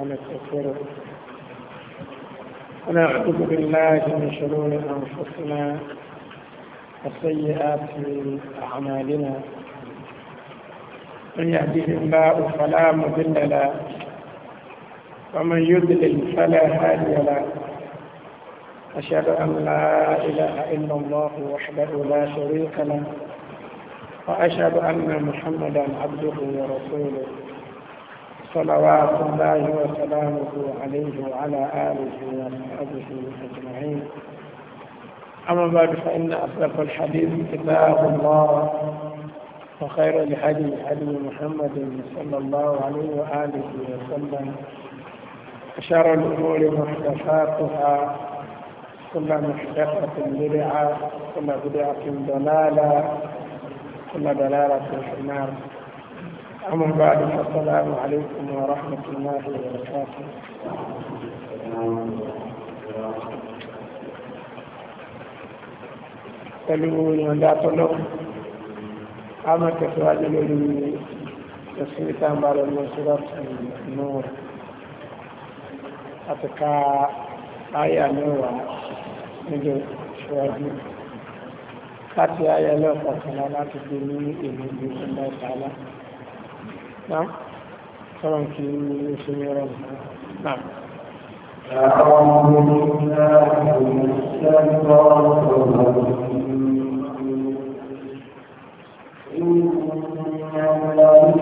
ونستغفره ونعوذ بالله من شرور انفسنا وسيئات اعمالنا من يهده الله فلا مضل له ومن يضلل فلا هادي له أشهد أن لا إله إلا الله وحده لا شريك له وأشهد أن محمدا عبده ورسوله صلوات الله وسلامه عليه وعلى آله وصحبه أجمعين أما بعد فإن أصدق الحديث كتاب الله وخير الحديث حديث محمد صلى الله عليه وآله وسلم أشار الأمور محدثاتها كل محدثة بدعة كل بدعة ضلالة كل ضلالة في النار أما بعد فالسلام عليكم ورحمة الله وبركاته pẹ̀lú ìrìnàjò àtọ́lọ́ a máa tẹ̀síwájú lórí ẹ̀sìn ìtàǹbà rẹ̀ lọ sọ́dọ̀tì náà àti ká àyà mẹ́wàá nílò ṣíwájú láti àyà lẹ́ọ̀kọ̀ọ̀kan láti gbé ní ìlú ìlú ìlú ìlú ìlú نعم طبعا في سميران نعم أعوذ بالله من الشيطان الرجيم إن الذين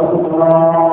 الله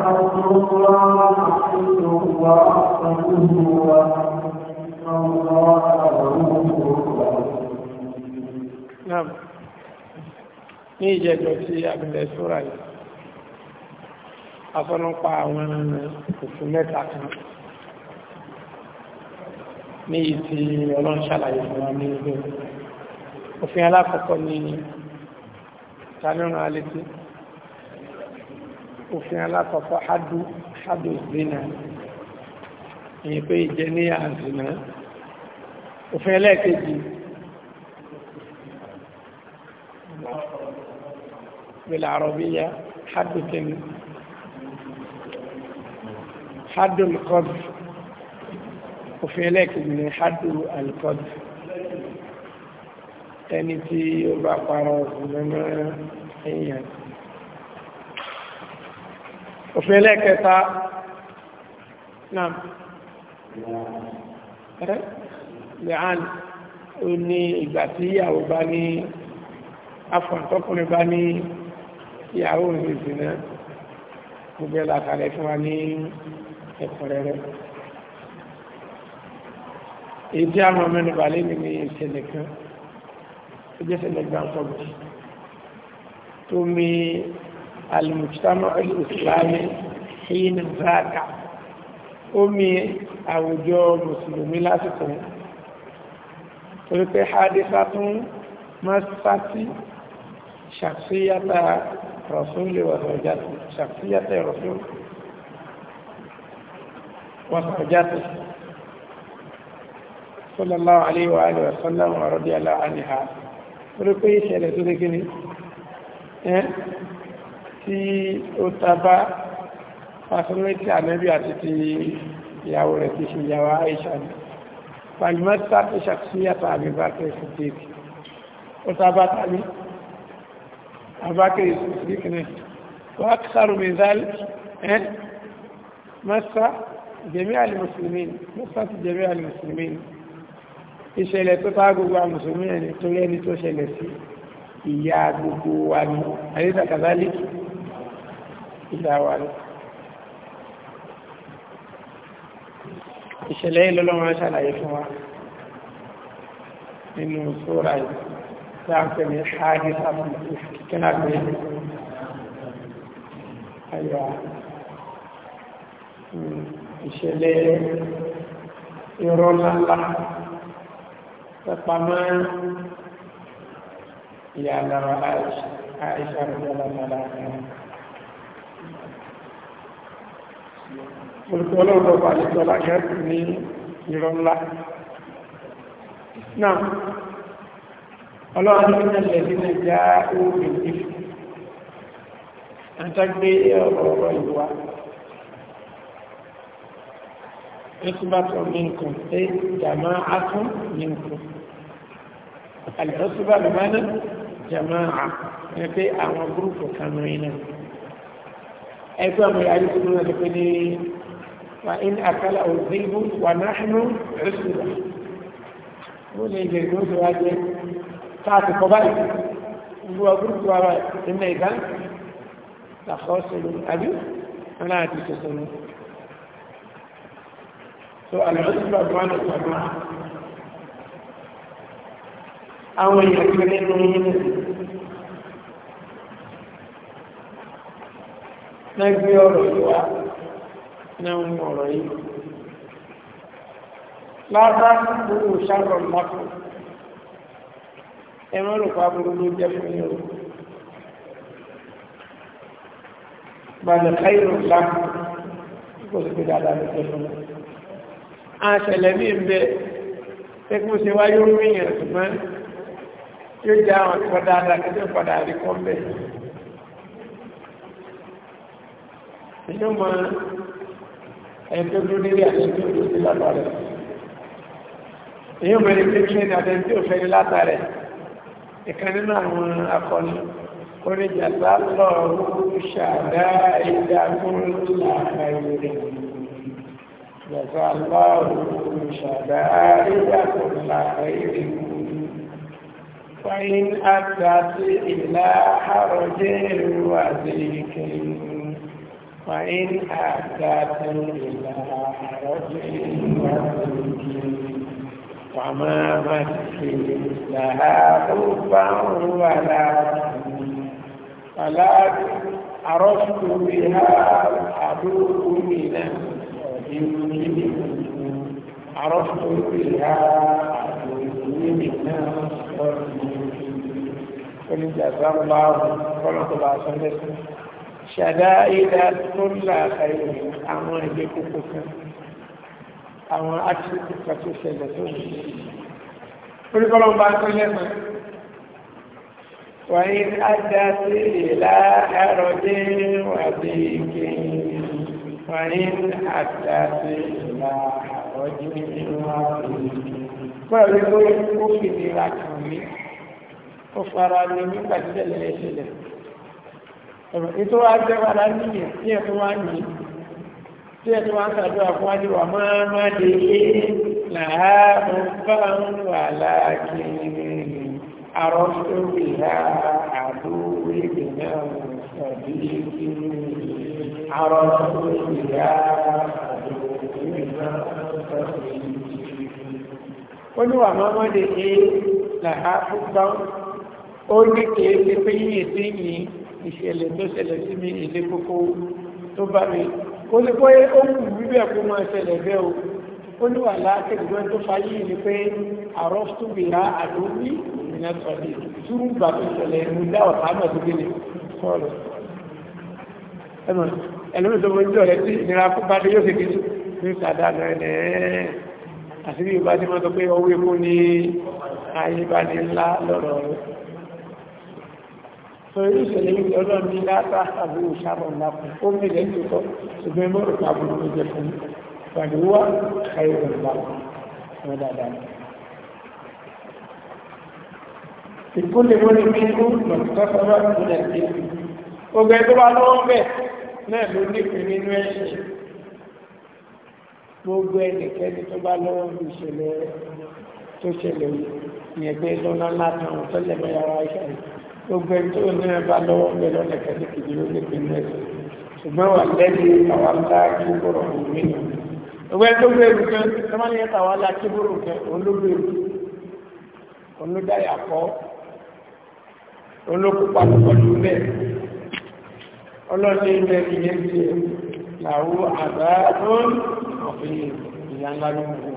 Nam ní ìjẹjọ tí abìlẹ̀ sóra yìí, afọ́nàpá àwọn òfin mẹ́ta kan ní ìtì ọlọ́run ṣàlàyé fún wa ní ilé. Òfin alákọ̀ọ́kọ́ ni Tanúrán Alétí òfin alákọ̀ọ́kọ́ hadu hadu zina èyí pé ìjẹ ní àzìnà òfin ẹlẹ́ẹ̀kejì bílà àrọ̀bíyá hadu kìíní hadu lukọ́dù òfin ẹlẹ́ẹ̀kejì ní hadu alukọ́dù ẹni tí ó bá parọ́ òfin mẹ́mẹ́rin èèyàn òfin ẹlẹ́ẹ̀kẹta náà ẹ́ lẹ́hàn ó ní ìgbà tí ìyàwó bá ní afọ̀ntọ́kùnrin bá ní ìyàwó òṣèṣì náà gbogbo ẹ̀ làkàlẹ̀ fún wa ní ẹ̀kúnrẹ́rẹ́ èyí tí àwọn mẹ́nu balẹ̀ mi ní ìṣẹ̀lẹ̀ kan ó jẹ́ ìṣẹ̀lẹ̀ gbàǹkọ̀gbì tó mi المجتمع الإسلامي حين ذاك omi àwùjọ mùsùlùmí lásìkò torí pé hadisa tún masati ṣàfíyàtà rọ̀súnlẹ̀ wàsàwọ̀játì ṣàfíyàtà rọ̀súnlẹ̀ wàsàwọ̀játì sallallahu alaihi wa alihi wa sallam wa radiyallahu anha torí pé ìṣẹ̀lẹ̀ tó dé kí ni tí ó tàbá fásitì ànẹ́bí àti ti ìyàwó rẹ̀ ti ṣe ìyàwó Aisha ni palimẹ́ta ti ṣàkíyàtà àbíbákẹ́ ìsìdíkì ó tàbá tàbí àbákẹ́ ìsìdíkì náà wọ́n kàrù mìíràn ẹ́ mẹ́ta jẹ́mí alìmùsùlùmí mẹ́ta ti jẹ́mí alìmùsùlùmí ìṣẹ̀lẹ̀ tó tá gbogbo àmùsùlùmí ẹni tó lẹ́ni tó ṣẹlẹ̀ sí ìyá gbogbo wa ni àyíká kàzálíkì ìlà wa ní ìṣẹ̀lẹ̀ ìlọ́lọ́wọ́ ṣàlàyé fún wa nínú sóra yìí tí a ń pè ní ṣáàgì sábàmù kíkẹ́lágbé ayọ̀ ìṣẹ̀lẹ̀ ìrọ́lọ́lá pẹ̀pàmọ́ ìyàlára àìṣàrùjọ́lá olùkọ́lọ́wọ́ pàdéjọ́lá gẹ́ẹ̀kù ní ìrọ̀ ńlá náà ọlọ́run ní ilẹ̀ nílẹ̀ já oòrùn ìlú àtàgbé ọ̀rọ̀ ìwà ìtúbàtọ̀ minkum pé jàmá átún minkum alìtọ́síbà lọ́mọ́nà jàmá à ní pé àwọn gúrùpù kanú iná ẹgbẹ́ ọmọ ìyá yìí tuntun náà ti pé ní wà ní àkàlà òzìbù wà náhánú ẹ̀rẹ́sùlá ó lè jẹ ìgbó tó wá jẹ káàtì kọ báyìí gbogbo lẹ́gbẹ́ ọ̀rọ̀ yìí wá nínú ọ̀rọ̀ yìí lára gbogbo ṣàrọ̀ mọ́tò ẹ̀rọ olùkọ́ aburú ló jẹ́ fún yóò balẹ̀ káyọ̀ láàmú kò sí pé dáadáa ló jẹ́ fún yóò àṣẹlẹ̀ ní ìbẹ̀ tẹ́kùn sí wáyé orí yẹn ṣùgbọ́n yóò jẹ́ àwọn ìpọ̀ dáadáa kí tó padà rí kọ́ bẹ́ẹ̀. èyí ó máa ẹni tó dúró délé àti ẹni tó dúró sí látàrẹ èyí ó máa ẹni tó dúró délé àti ẹni tó fẹ́ ní látàrẹ ìkan nínú àwọn akọni oríjà lálọ́ ṣàdá ìdágún láàrá ìrìn ṣàdá ìdágún láàrá ìrìn Fáyín àtàtí ìlà فإن أحساتم إلى رجل وما مسكن لها خلفا ولا ولكن عرفت بها العدو من الجن عرفت بها العدو من الصالحين قل جزا الله خلق الله ṣàdá ìdá tó ńlá àkàyè àwọn ẹgbẹ́ kókó kan àwọn átìkù kan tó ṣẹlẹ̀ tó ń bí oríkọ́lọ́ bá ń pín lẹ́mọ̀ wàyí ádá sí ìlà àròdé wàbí kéyìn wàyí ádá sí ìlà àròdé wàbí kéyìn pẹ̀lú pé ó fìdí ra kàn mí ó fara ní nígbà tí tẹ̀lé ẹ̀ṣẹ̀lẹ̀ ètò agbẹ́wàlá níyẹ̀ tí ẹ̀ tó wá ní tí ẹ̀ tó wá ń sàdúrà fún wájú wà máa má de é làá mo bá ń wà láàkiri àrọ́ tó bì á àdúrà èdè náà sọ̀dí sí àrọ́ tó bì á àdúrà náà sọ̀dí sí. ó làá mo bá ó ní kéé pé yíyẹ sí yìí ìṣẹ̀lẹ̀ tó ṣẹlẹ̀ sí mi ilé kókó tó bá mi ó ní pé ó kù wíbẹ̀ kó máa ṣẹlẹ̀ bẹ́ẹ̀ o ó ní wà látẹ̀gbọ́n tó fayé ni pé àrọ́fúnbìyà àdóbí ìrìnà sọ̀rọ̀ túrú gbà tó ṣẹlẹ̀ ìlú dá ọ̀tá náà tó gbélé sọ̀rọ̀ ẹnu ẹlẹ́mi tó mọ ìjọ rẹ tí ìnira kó bá dé yóò ṣe kìí ní sàdá rẹ nẹ àti bí ìbá ti mọ́ sọ pé ọwọ́ epo ní ayé ní ńlá lọ́rọ̀ rẹ̀ torí ìṣẹ̀lẹ̀ yìí ọlọ́run ní látà àbí òṣàrọ̀ ńláfún ó mẹ́lẹ̀ tó tọ́ ṣùgbọ́n mo rò pàbò ló jẹ fún ìpàdéwà àìrò ńlá wọn dáadáa ìkúlẹ̀ wọlé mímú lọ́tọ́sọ́rọ́ ìpínlẹ̀ èkó ọgbẹ́ tó bá lọ́wọ́ bẹ̀ náà ló nípìn nínú ẹ̀ṣẹ̀ gbogbo ẹnikẹ́ni tó bá lọ́wọ́ bí ìṣẹ̀lẹ̀ tó ṣẹlẹ̀ yìí ìyẹn pé lọ́nà látàn tọ́lẹ̀ mẹ́yàwó àìsàn gbogbo ẹni tó ní ẹbá lọ́wọ́ ń bẹ lọ́nà kẹ́lẹ́ kìdí ló lè pinnu ẹ̀sẹ̀ ṣùgbọ́n wà lẹ́bi àwọn aláàkí bọ̀rọ̀ òmìn ìwé tó gbé ewu kan tó máa ń yẹ tàwọn aláàkí bọ̀rọ̀ kan olóògbé ewu olódàyàkọ́ olókùpà pọ̀jù bẹ́ẹ̀ ọlọ́dẹ ilẹ̀ ìyẹn ti làwọ̀ àgbà tó ń ọ̀fìn ìyá ńlá ló ń kú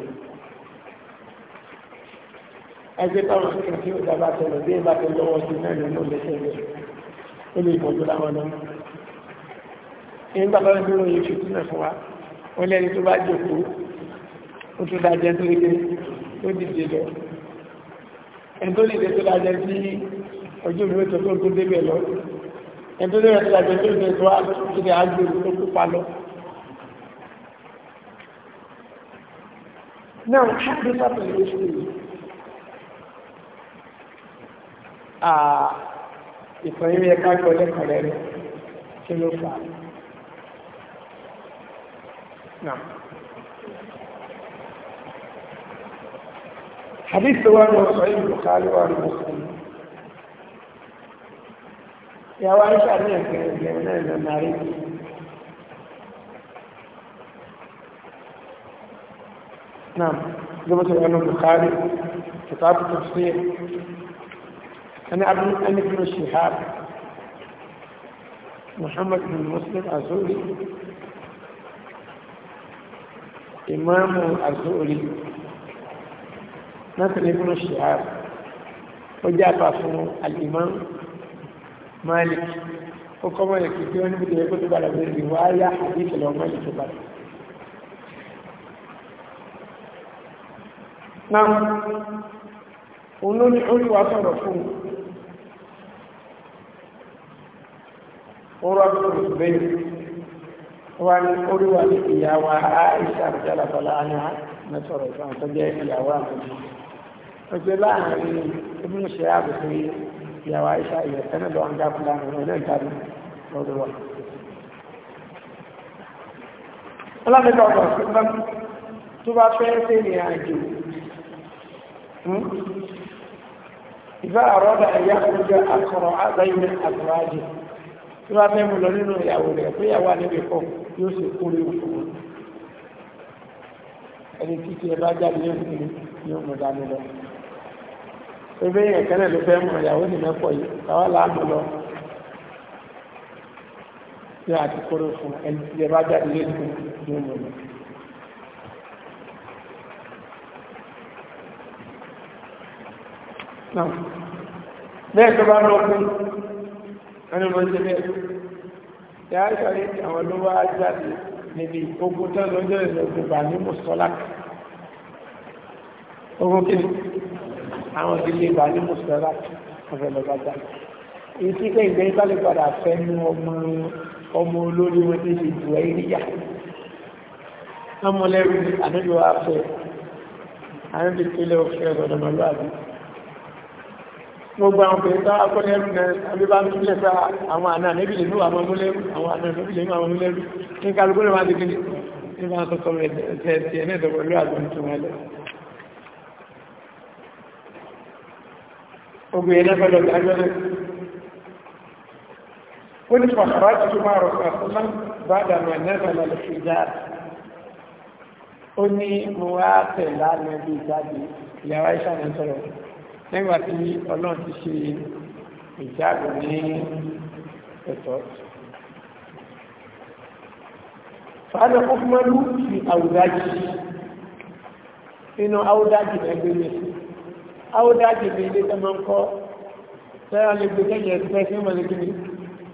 ẹgbẹ́ báwọn nǹkan tí ó dábàá tẹ̀lé bí ìbá tó lọ́wọ́ sí náà nínú lẹ́sẹ̀ rẹ̀ ó lè bọ̀jú láwọn náà. ìgbà báwọn dúró yìí fi túnẹ̀ fún wa ó lẹ́ni tó bá jòkó ó tún dájẹ́ tó lé tó dìde lọ. ẹni tó lè dé tó dájẹ́ sí ọjọ́ ìlú ètò tó ń tó débẹ̀ lọ. ẹni tó lè rẹ̀ tó dájẹ́ tó lè tó àgbẹ̀ àgbẹ̀ tó kópa lọ. náà ṣáàbí sábẹ̀ ló ìtàn yìí yẹ ká gbọ́ lẹ́kọ̀ọ́ rẹ̀ kí ló fà á. حديث وانه صحيح البخاري وانه مسلم يا وعيشة أبنى كانت جميلة للنارين نعم جمعة العلم البخاري كتاب التفسير أنا عبد أنا بن الشهاب محمد بن مسلم الزهري إمام الزهري مثل ابن الشهاب وجاء فاسمه الإمام مالك وكما يكتبون بدي يكتب على ذلك وآية حديث لو مالك بارك نعم ونون حلوة صرفون ó rọ́bí kò sí bẹ́ẹ̀ wá ní oríwà ní ìyàwó Aisha àjálàbọ̀lá àná mẹ́tọ̀rọ̀ ìfọ̀n tó jẹ́ ìyàwó àbújá ó gbé láàrin ibùdó ṣe àbùkù ìyàwó Aisha ìyẹ̀fẹ́ náà lọ́wọ́ ń dá fúlàní ọ̀nà ìtàbí lọ́dọ̀ tí wọ́n fẹ́ mú lọ nínú ìyàwó rẹ̀ pé ìyàwó àlébè kọ́ yóò ṣe kó lè fún un ẹni tí tiẹ̀ bá jáde yóò fi ní ọmọ dání lọ. ebe yẹn kẹ́lẹ́ ló fẹ́ mú ìyàwó ní mẹ́fọ̀ yìí káwá láàmú lọ tí a ti kóró fún ẹni tí tiẹ̀ bá jáde yóò fi ní ọmọ lọ. bẹ́ẹ̀ tó bá lọ fún ẹni ló ṣe bẹ́ẹ̀ tí a ṣe rí àwọn ló wá jáde níbi ogun tó lọ́jọ́ ìlọ́gbọ̀n bà ní mùsọ́lá ogun kìíní àwọn ìdílé bà ní mùsọ́lá ọ̀fẹ́ lọ́gbà jáde èyí tí kẹ́hìndé bá lè padà fẹ́ nu ọmọ ọmọ olórí wọn ti ṣe ìdùwẹ́ ìrìyà ọmọlẹ́rù àdójọ́ afẹ́ àdójọ́ ìpínlẹ̀ ọ̀fẹ́ ọ̀dọ̀mọlúwàbí gbogbo àwọn pẹ̀lú tá akọ́ni ẹrù náà abíbá ń túlẹ̀ fẹ́ àwọn àna níbi lè mú àwọn múlẹ́rù àwọn àna níbi lè mú àwọn múlẹ́rù ní kálukú lè máa dìgbìn ní máa sọ sọ̀rọ̀ ẹ̀sẹ̀ ẹ̀sẹ̀ ẹ̀ nẹ́ẹ̀dọ̀ pẹ̀lú àgbọn tó wọn lọ nígbà tí ọlọ́run ti ṣe ìjáàbò ní ẹ̀tọ́ fàánà ọkùnmọ́lú fi àwùdájì nínú àwùdájì ẹgbẹ́ mi àwùdájì ní ilé tẹ́mọ́ ń kọ́ tẹ́rà lè gbé kẹ́yẹ̀ ẹgbẹ́ tí wọ́n lè gbé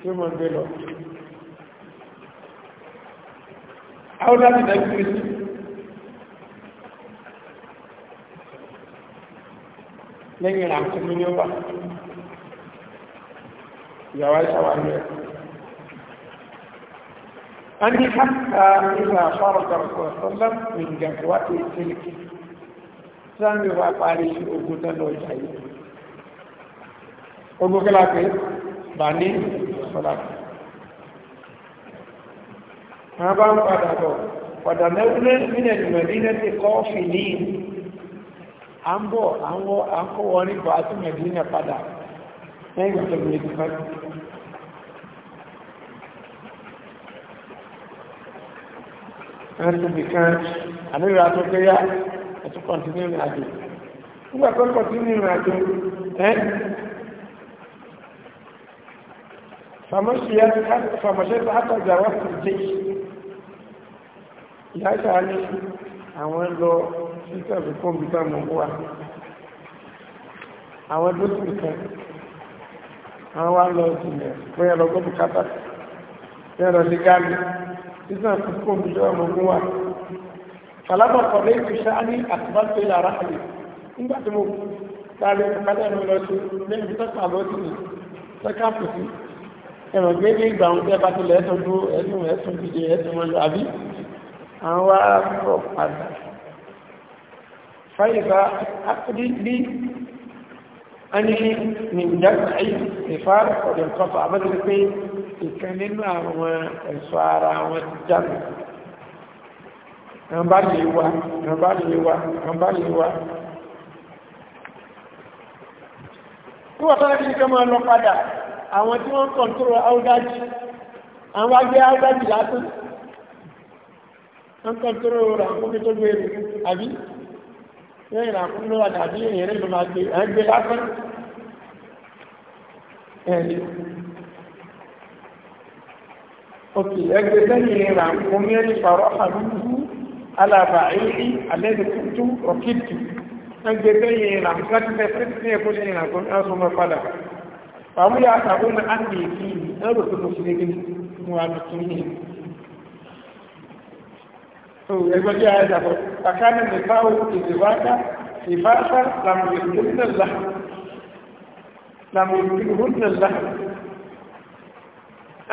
tí wọ́n gbé lọ àwùdájì ẹgbẹ́ mi lẹ́yìn ràǹkúmí ní ó wà ìyàwó ìṣàwà ní ẹ̀ an yi haka ila fara karkuwa sallam min gaggawa ta yi tilki sami ba fari shi ogun ta lọja yi ogun kala pe ba ní à ń bọ̀ à ń kó wọn ní bọ̀ àti mẹ̀dínà padà lẹ́yìn tó lè ti fẹ́ ẹ̀rùn nìkan àníra tó gbéyà ẹ̀tún kọ̀ntínú ìrìn àjò nígbà tó kọ̀ntínú ìrìn àjò ẹ́ fàmọ́ṣẹ́ látọ̀jà ti títà fi kọ́mpútà mọ̀ wà àwọn dókítà kan àwọn wá lọ sílẹ̀ bóyá lọ gbọ́ bùkátà bóyá lọ sí gáàlì títà fi kọ́mpútà mọ̀ wà kàlábà kọ̀lé ìfisà ní àtúbàtò yàrá àlè nígbà tí mo tààrí bùkátà mi lọ sí lẹ́yìn tí tọ́ka lọ sí mi tọ́ka kù sí ẹ̀rọ gbé ní ìgbà àwọn bá tilẹ̀ ẹ̀tọ́ dúró ẹ̀tún ẹ̀tún dìde ẹ̀tún mọ́lú àbí àwọn wá rọ̀ padà فإذا أقضي لي أني من جمعي نفار قد انقطع بدل في الكلمة والسوارة والجمع نبالي هو نبالي هو نبالي هو tó wọ́n tọ́lá kìí kẹ́mọ́ lọ padà àwọn tí wọ́n kọ̀ntúrò áúdájì àwọn agbé áúdájì látún wọ́n kọ̀ntúrò rà fún mi tó gbèrè àbí ṣé ìràkún ló wà tàbí ìrìn ló máa gbé ẹgbẹ́ lásán ẹ̀rí òkè ẹgbẹ́ sẹ́yìn ìràkún mẹ́rin pàrọ̀ àdúgbò alàbà èyí alẹ́dẹ̀ tuntun ọ̀kìtì ẹgbẹ́ sẹ́yìn ìràkún láti fẹ́ fẹ́ sí ẹkọ́ sẹ́yìn ìràkún ẹ̀sùn mọ́ padà pàmúyà àtàkùn so ẹgbẹ́ jẹ́ ayé dàpọ̀ kàkánà nípa òkú ìdìbáta ìfáfá làmùlùkùnlá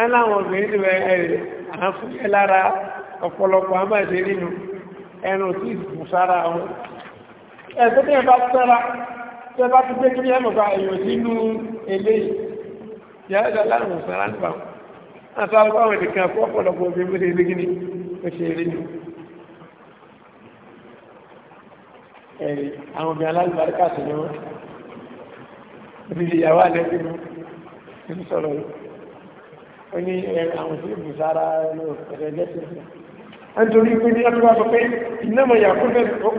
aláwọn obìnrin ti bẹ̀rẹ̀ ẹ̀rẹ̀ àwọn fúnkẹ́ lára ọ̀pọ̀lọpọ̀ àmàṣe nínú ẹnu tí ìbù sára wọn ẹ̀sẹ̀ tí ẹ bá sára tí ẹ bá ti gbé kiri ẹmọ̀ bá èèyàn sínú eléyìí yàrá ìdálárùn sára nípa wọn àtàwọn àwọn ènìyàn fún ọ̀pọ̀lọpọ̀ obìnrin ẹ̀rì àwọn obìnrin alágbàríkà sí ni wọ́n ìdílé ìyàwó àlẹ́bí mú ní sọ̀rọ̀ yìí ó ní àwọn tí ìbù sára ẹni òkèrè ẹgbẹ́ sí ìsìn nítorí pé ní ọdún wa sọ pé iná mọ̀ yà kó fẹ́ẹ̀ tó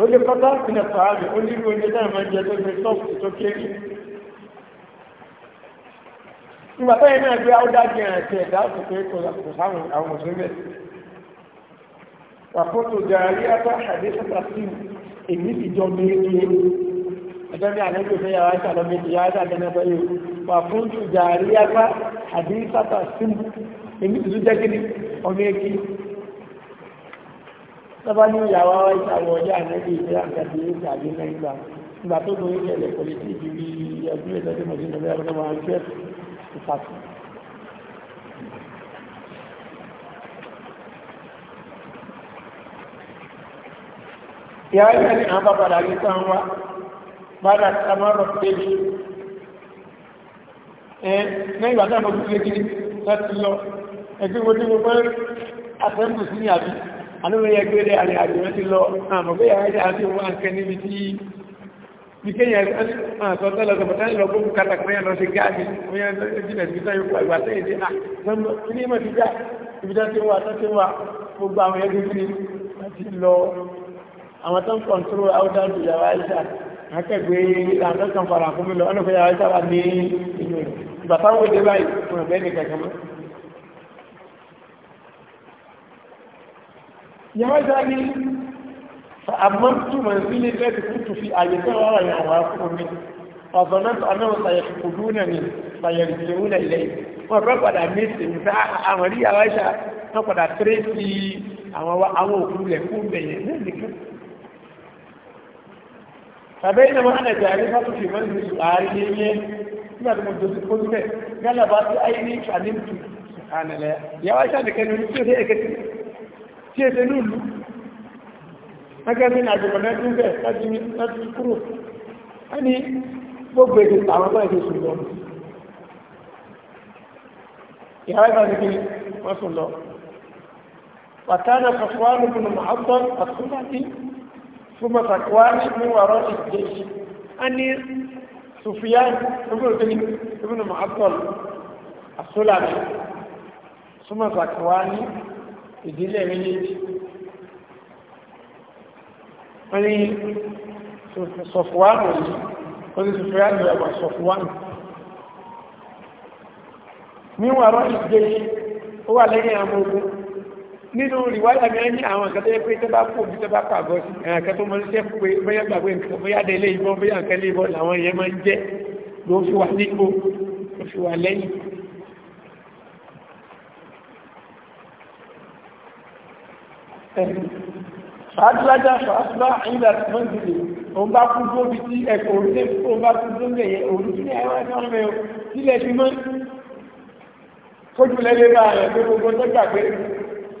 ó lè kọ́tà ìpínlẹ̀ sàárè ó nílùú oúnjẹ náà máa ń jẹ tó gbé sọ́ọ̀kì tó kéré nígbà táyé náà gbé áwọ́dájú ẹ̀rẹ̀ tẹ̀ dáàbò pé kò sáwọn àwọn mùsùlùmí pàpọ́tò jàrí àtà àdéṣẹ́ta sí èmi ìjọ méje ẹjọ́ ní àlejò fẹ́ yàrá ìṣàlọ́ méje yàrá ìṣàlọ́ méje yóò pàpọ́tò jàrí àtà àdéṣẹ́ta sí èmi ìjọ jẹ́ kí ni ọmọ èkì tọ́ba ní ìyàwó ìṣàwọ̀ ọjà àlejò ìṣẹ́ àgbàdì ìṣàlọ́ mẹ́gbà ìgbà tó gbóyè tẹ̀lé pọ̀lẹ́tì ìbí ẹgbẹ́ ìṣàlọ́ mọ̀sí ya yi ne an baba da alisan wa ba da kamar rọ̀pẹ́lì ẹ̀ ní ìgbà náà mọ̀tún lé kiri láti lọ ẹgbẹ́ wo ní mo fẹ́ àtẹ́mù sí ní àbí alóòrẹ́ yẹ gbé lẹ́ àrẹ àjò ti lọ àmọ́ bí yàrá jẹ́ àti òun àǹkẹ́ níbi tí bí kéyàn àtọ́ tẹ́lẹ̀ sọ̀tọ̀ tẹ́lẹ̀ lọ gbóhùn kátà pé ẹ̀nà ṣe gáàdì bóyá ẹ̀jìnlẹ̀ sí àwọn tó ń kọ̀ntúrò áwùdáàdù yàwó àìsà akẹgbẹ́ ìlànà kan fara fún mi lọ ọ̀nà fẹ́yàwó àìsà wà ní inú rẹ̀ ìgbà táwọn òde báyìí fún ẹ̀bẹ́ ní kankan mọ́. fi àyè tó wà yàn wá fún mi ọ̀sán náà anáwó sàyẹ̀kì kò dúnà ní sàyẹ̀kì kò dúnà ilẹ̀ yìí wọ́n fẹ́ padà mí sí ní sá àwọn ìyàwó àìsà wọ́n bẹ̀yẹ̀ ní ìdíkẹ́ tàbẹ́yìn ma ana jari fatu fi man su su'ari ne ne ina da mutum su kun kai gala ba su aini alimtu subhanallah ya wa sha da kai ne ce sai ekati ce sai nulu haka ni na da mana tun kai ta ji ta ji kuro ani gbogbo èdè àwọn bá èdè sùn lọ ìyáwó ìbá nìkí wọn sùn lọ wàtánà kasuwa nìkú ثم فتواني من وراء الجيش أني سفيان ابن ابن معطل السلمي ثم فتواني ìdílé méjèèjì wọ́n ní sọ̀fùwánù yìí ó ní sọ̀fùwánù ẹ̀wà sọ̀fùwánù níwọ̀n rọ́ ìgbé ó wà nínú rìwáyà mi ní àwọn nǹkan tó yẹ pé tó bá kú òbí tó bá pàgọ́ sí àwọn nǹkan tó mọ ní sẹ́kù pé bóyá gbàgbé nǹkan bóyá délé ìbọn bóyá nǹkan lé ìbọn làwọn ìyẹn máa ń jẹ́ ló fi wà nípò ló fi wà lẹ́yìn. fàájúlájà lẹ́lẹ́ bá rẹ̀ pé gbogbo tó gbàgbé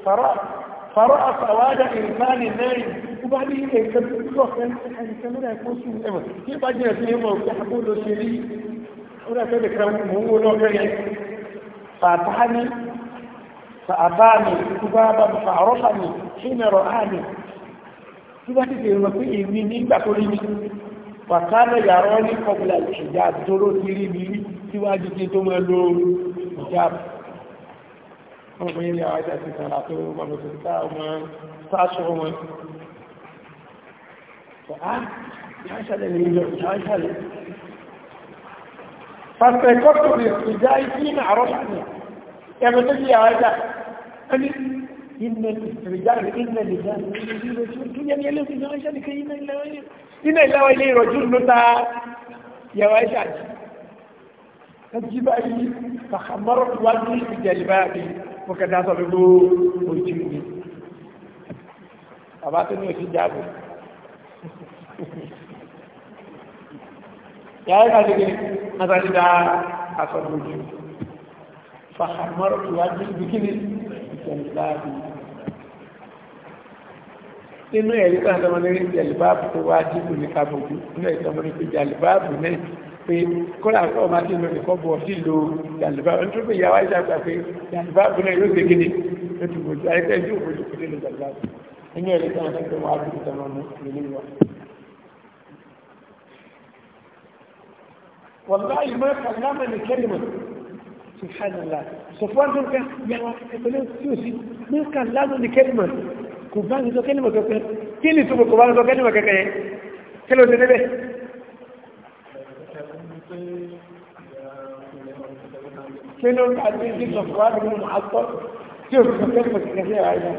فرأى سواد إنسان نايم وبعدين يكتب روح يعني كاميرا يكون شو إما كيف بعدين يسمى يحبون له شيء ولا تذكر هو لو كان فاتحني فأباني كبابا فعرفني حين رآني كبابا تقول لك إني نيبا كلمي وكان يراني قبل الحجاب دورو تيري بي سواجي تتمنى له حجاب wọ́n gbé ilé àwọn ìjẹ́ ìsìn àlà tó wọ́n bẹ̀rẹ̀ sí ká ọmọ فاستيقظت بارتجاعي فيما عرفتني يا بنتي يا عائشة أني إن الرجال إن الرجال رجل كي يعني لو في عائشة لكي إن إلا وإليه إن إلا وإليه رجل نتا يا عائشة أجيب أي فخمرت وجهي بجلبابي mo kẹta sọ gbogbo ojú ni bàbá tó ní òsì jáàbò yàrá ìgbà tó kéde mọ́tàdé dá aṣọ lójú fàhàmọ́rọ̀ ìwájú ìbíkíní ìjẹ̀lìbáàbì inú ẹ̀rí tó àtọmọ lórí ìjẹ̀lìbáàbì tó wájú ìbùnìkàbòjú inú ẹ̀rí tó àtọmọ lórí ìjẹ̀lìbáàbì náà pé kọ́lá ọmọ àti ìlú nìkan bọ̀ sí ìlú yàlùbá ń tó pé ìyàwó àìsà gbà pé yàlùbá gbọ́nà yóò ṣe gíní ló ti bòjú àìsà ìjú òbòjú kò dé lè yàlùbá inú ẹ̀rẹ́ tí wọ́n ti gbé wọn á dúró tẹ̀wọ́n mú lórí wa. wọ́n bá yìí mọ́ ẹ̀ka náà mẹ́rin kẹ́lì mọ́ subhanallah sọfọ́n yàrá ẹ̀pẹ̀lẹ́ sí mẹ́ka lánàá ní ní sọ kò bá kí ló ń ta ní ìdí sọ̀fọ̀ wá nínú àtọ́ tí òkú sọ̀fẹ́ kò sì kẹsẹ̀ rà ẹ̀dá.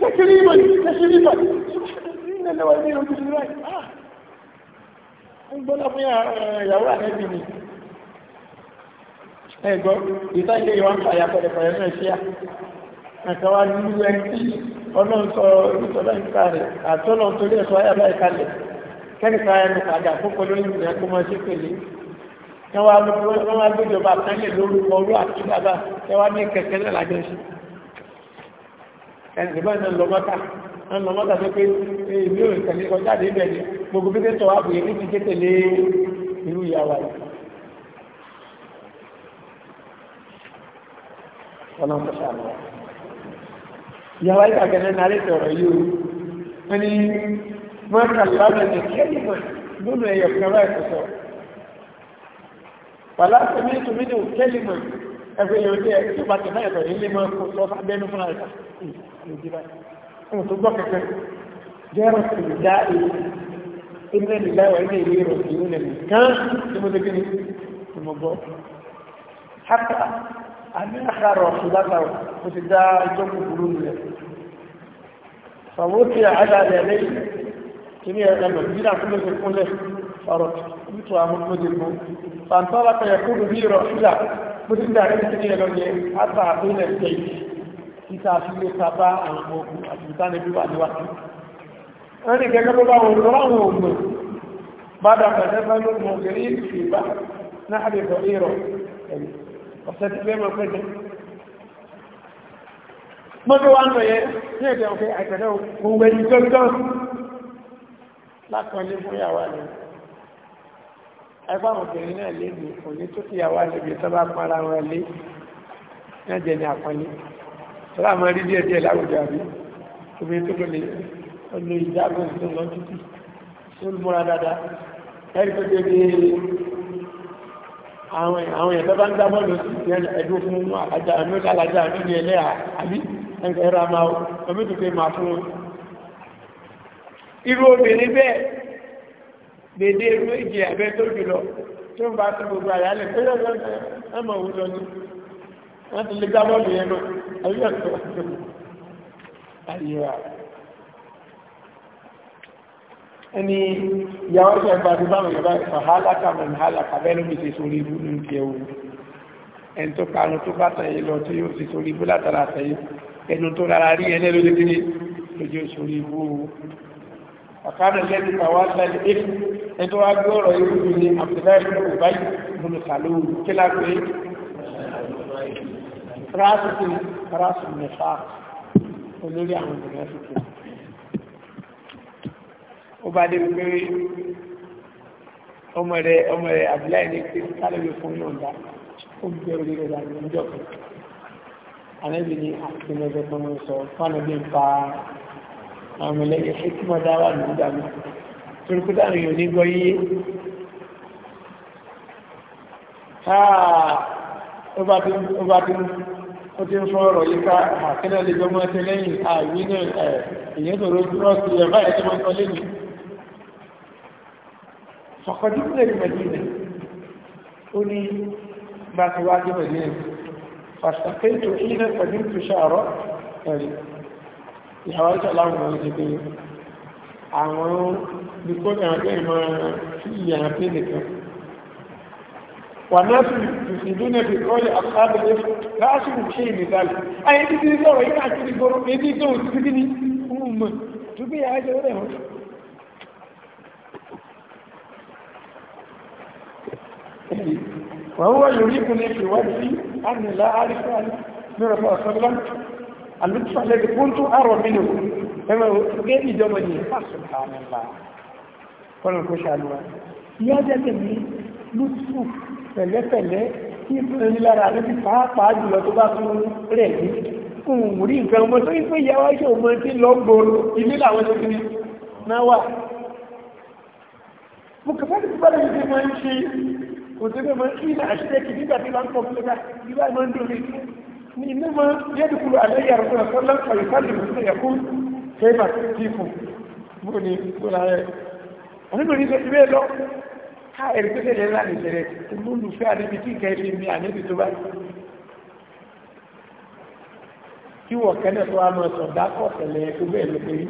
Tẹ́kìrì ìmọ̀ yìí, tẹ́kìrì ìmọ̀ yìí, ní ẹlẹ́wà ní ojú sí ráì. Ń gbọ́dọ̀ fún ìyàwó àlẹ́bí mi. Ẹ gbọ́, ìta ilé ìwà ń fàyà pẹ̀lẹ̀pẹ̀lẹ̀ náà ṣíà. Àkà wa ní UNT, ọlọ́run sọ rẹ̀, àtọ́lọ́ torí ẹ̀sọ́ ayàbá ìkalẹ̀ kẹ́nìkan ẹnu padà fún polóyìn ìyẹn kó mọ sí pèlè ẹ wá wọ́n wá gbéjọba kánlẹ̀ lórúkọ orú àti bàbá ẹ wá ní kẹ̀kẹ́ náà lájọ sí ẹnì bá ń lọ mọ́ta ń lọ mọ́ta tó pé ìlú ìkànnì ọjà dé bẹ̀ ni gbogbo bí tẹ́tọ̀ wá bùyẹ̀ níbi tẹ́tẹ̀ lé irú ìyá wa náà náà lè tọ̀rọ̀ yìí o wọ́n ní ما كلمني كلمة دون يكرهك سوى ولا سمعت منه كلمة ẹgbẹ́ yóò dé ẹgbẹ́ tó bá tẹ̀ náà ìtọ̀rẹ́ ilé máa kó lọ bá bẹ́nu fún àìsàn ìlú tó gbọ́ kẹ̀kẹ́ jẹ́rọ sí ìdá ìlú ilé ìlú ẹ̀wọ̀ ilé ìlú ìrọ̀ sí ìlú nìkan tí mo dégbé ní tí mo gbọ́. kìíní ẹ̀rọ ìdílé àkúlẹ̀ ti kúnlẹ̀ ọ̀rọ̀ nítorí àwọn ọmọdé mú fàǹtọ́lá kan yẹ kúrò bí ìrọ̀ ìlà ọrụ ti dà ní kìíní ẹ̀rọ yẹ àtà àbílẹ̀ ìjẹ́ ìta àfilé sábà àwọn ọmọ ogun àti ìtànẹ́bí wà níwájú. wọ́n ní gẹ́gẹ́ bó bá wọn lọ́wọ́ àwọn ògbò bada lápọ̀lé fún yàwó àlejò ẹgbẹ́ àwọn obìnrin náà lébi òní tó ti yàwó àlejò tó bá pọn ara wọn lé náà jẹ ní àpọ́nlé tó bá mọ rí díẹ̀ díẹ̀ láwùjọ àbí obìnrin tó lò lè lo ìjágbó tó lọ títí tó múra dáadáa ẹ̀rí tó dé dé àwọn èèyàn tó bá ń gbá bọ́ọ̀lù sí ẹ̀dùn fún àjà àmì ó dálájà àmì ní ẹlẹ́ àbí ẹ̀rọ àmà ọmọ ìdókè máa fún wọn irú obìnrin bẹ́ẹ̀ dèdè irú èjì abẹ́ tó jùlọ tí ó bá tó gbogbo àyálẹ̀ pé yóò lọ ẹmọ òwúlọ ni wọ́n ti lè gbá bọ́ọ̀lù yẹn lọ ayé ọ̀tọ̀ àyíwá ẹni ìyàwó ṣe ẹgbà tó bá mẹ́lẹ̀ báyìí sọ hálàkà mẹ́lẹ̀ hálàkà bẹ́ẹ̀ ló fi ṣe sórí ibú ní ti ẹwù ẹni tó parun tó bá tẹ̀yẹ lọ tí yóò ṣe sórí ibú látara tẹ̀yẹ ẹnu tó rárá rí ẹni lójú ọ̀kadà lẹ́bi tàwa lẹ́bi éfù ẹni tó wá gbé ọ̀rọ̀ irú mi ní Abdullahi bin Ubay bin Salul kílá pé ráàsì tí ráàsì mẹ́fà olórí àwọn obìnrin ẹ̀sìn kìí ó bá dé wípé ọmọ rẹ̀ ọmọ rẹ̀ Abdullahi ní kí kálẹ̀bí fún yọ̀ǹda ó gbé orí rẹ̀ láti ọjọ́ kan àlẹ́bí ni àti ẹgbẹ́ tó ń sọ fánàbí ń àwọn ìlẹ́yìn fún kí mọ̀ dáwà ní ìdàmú torí pé táwọn èèyàn ní gbọ́ yíyé ọba tí ń fọ́ ọ̀rọ̀ yìí ká àkẹ́lẹ́ lè gbọ́mọ́ ẹsẹ̀ lẹ́yìn àìwí náà èèyàn tó rọ́ọ̀sì rẹ̀ báyìí tó máa ń kọ́ lẹ́yìn ìyàwó ìṣẹ́ láwọn ọmọ ìṣẹ́ pé àwọn bíkó ìrànlẹ́ ìmọ̀ sí ìyàrá pé nìkan wà náà sì sì dúnà bí kọ́ lè àpáàbẹ̀ lé láàṣì ń ṣe ìmìtàlì ayé títí sọ̀rọ̀ yìí àti ìgboro èdè tó ń títí ní ọmọ tó bí rẹ̀ hàn wọ́n wọ́n yóò rí kún ní ìwádìí á nílá àríkà ní rẹ̀ fọ́ ọ̀sán lọ́nà المدفع الذي كنت أرى منه كما قال لي جمالي سبحان الله قلنا كوش عنوان يا جاتني لطفو فلا فلا كيف لا رأى في فاقا جلو تباقوا رأيك kùnrin nǹkan ọmọ tó ìfẹ́ ìyàwó ṣe ọmọ tí lọ gbòòrò ilé làwọn tó kiri náà wà mo kàfẹ́ ti bá lẹ́yìn tí wọ́n ń ṣe kò sí pé mo ń kí ní àṣírí إنما يدخل علي رسول الله صلى الله عليه وسلم فيسلم فيقول كيف تكيفوا مؤمن يقول عليه أنا أريد أن أقول له ha ẹ̀rẹ́gbẹ́sẹ̀ lè láàrin ìṣẹ̀lẹ̀ olólùfẹ́ àdébí tí ìkẹ́ ilé mi àdébí tó bá kí wọ́n kẹ́lẹ̀ tó wá máa sọ̀dá pọ̀ tẹ̀lẹ̀ tó bẹ́ẹ̀ ló pérí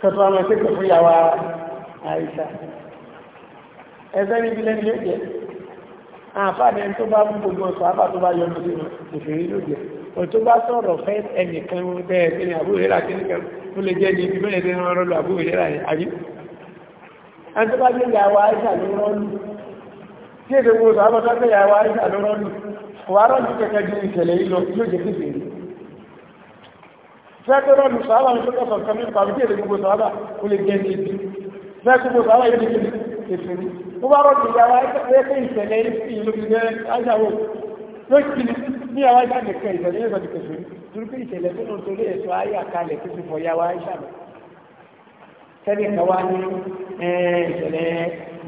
tọ́tọ́ àwọn ẹgbẹ́ fún yàwá àfáàdé tó bá mú gbogbo ọ̀sọ̀ àbá tó bá yọmọ sí ìfèrí lóde ọ̀ tó bá sọ̀rọ̀ fẹ́ ẹnìkan bẹ́ẹ̀ sí ni àbúrò rẹ̀ àti nìkan ó lè jẹ́ ní ibi bẹ́ẹ̀ sí rán rọ́lù àbúrò rẹ̀ rẹ̀ àyí ẹni tó bá gbé ìyàwó àìsà ló rọ́lù tí èdè gbogbo ọ̀sọ̀ àbá tó yìí lọ yóò kèfèrí ó bá rọ́ọ̀dù ìyàwó ẹgbẹ́ ìṣẹ̀lẹ̀ ìlú ìgbẹ́ ajáwó ló kì í ní àwọn ajá nìkan ìṣẹ̀lẹ̀ ìlú ìgbẹ́ kèfèrí torí pé ìṣẹ̀lẹ̀ tó ń torí ẹ̀tọ́ ayé àkàlẹ̀ tó ti fọ ìyàwó ajá lọ. sẹ́ni kan wá ní ìṣẹ̀lẹ̀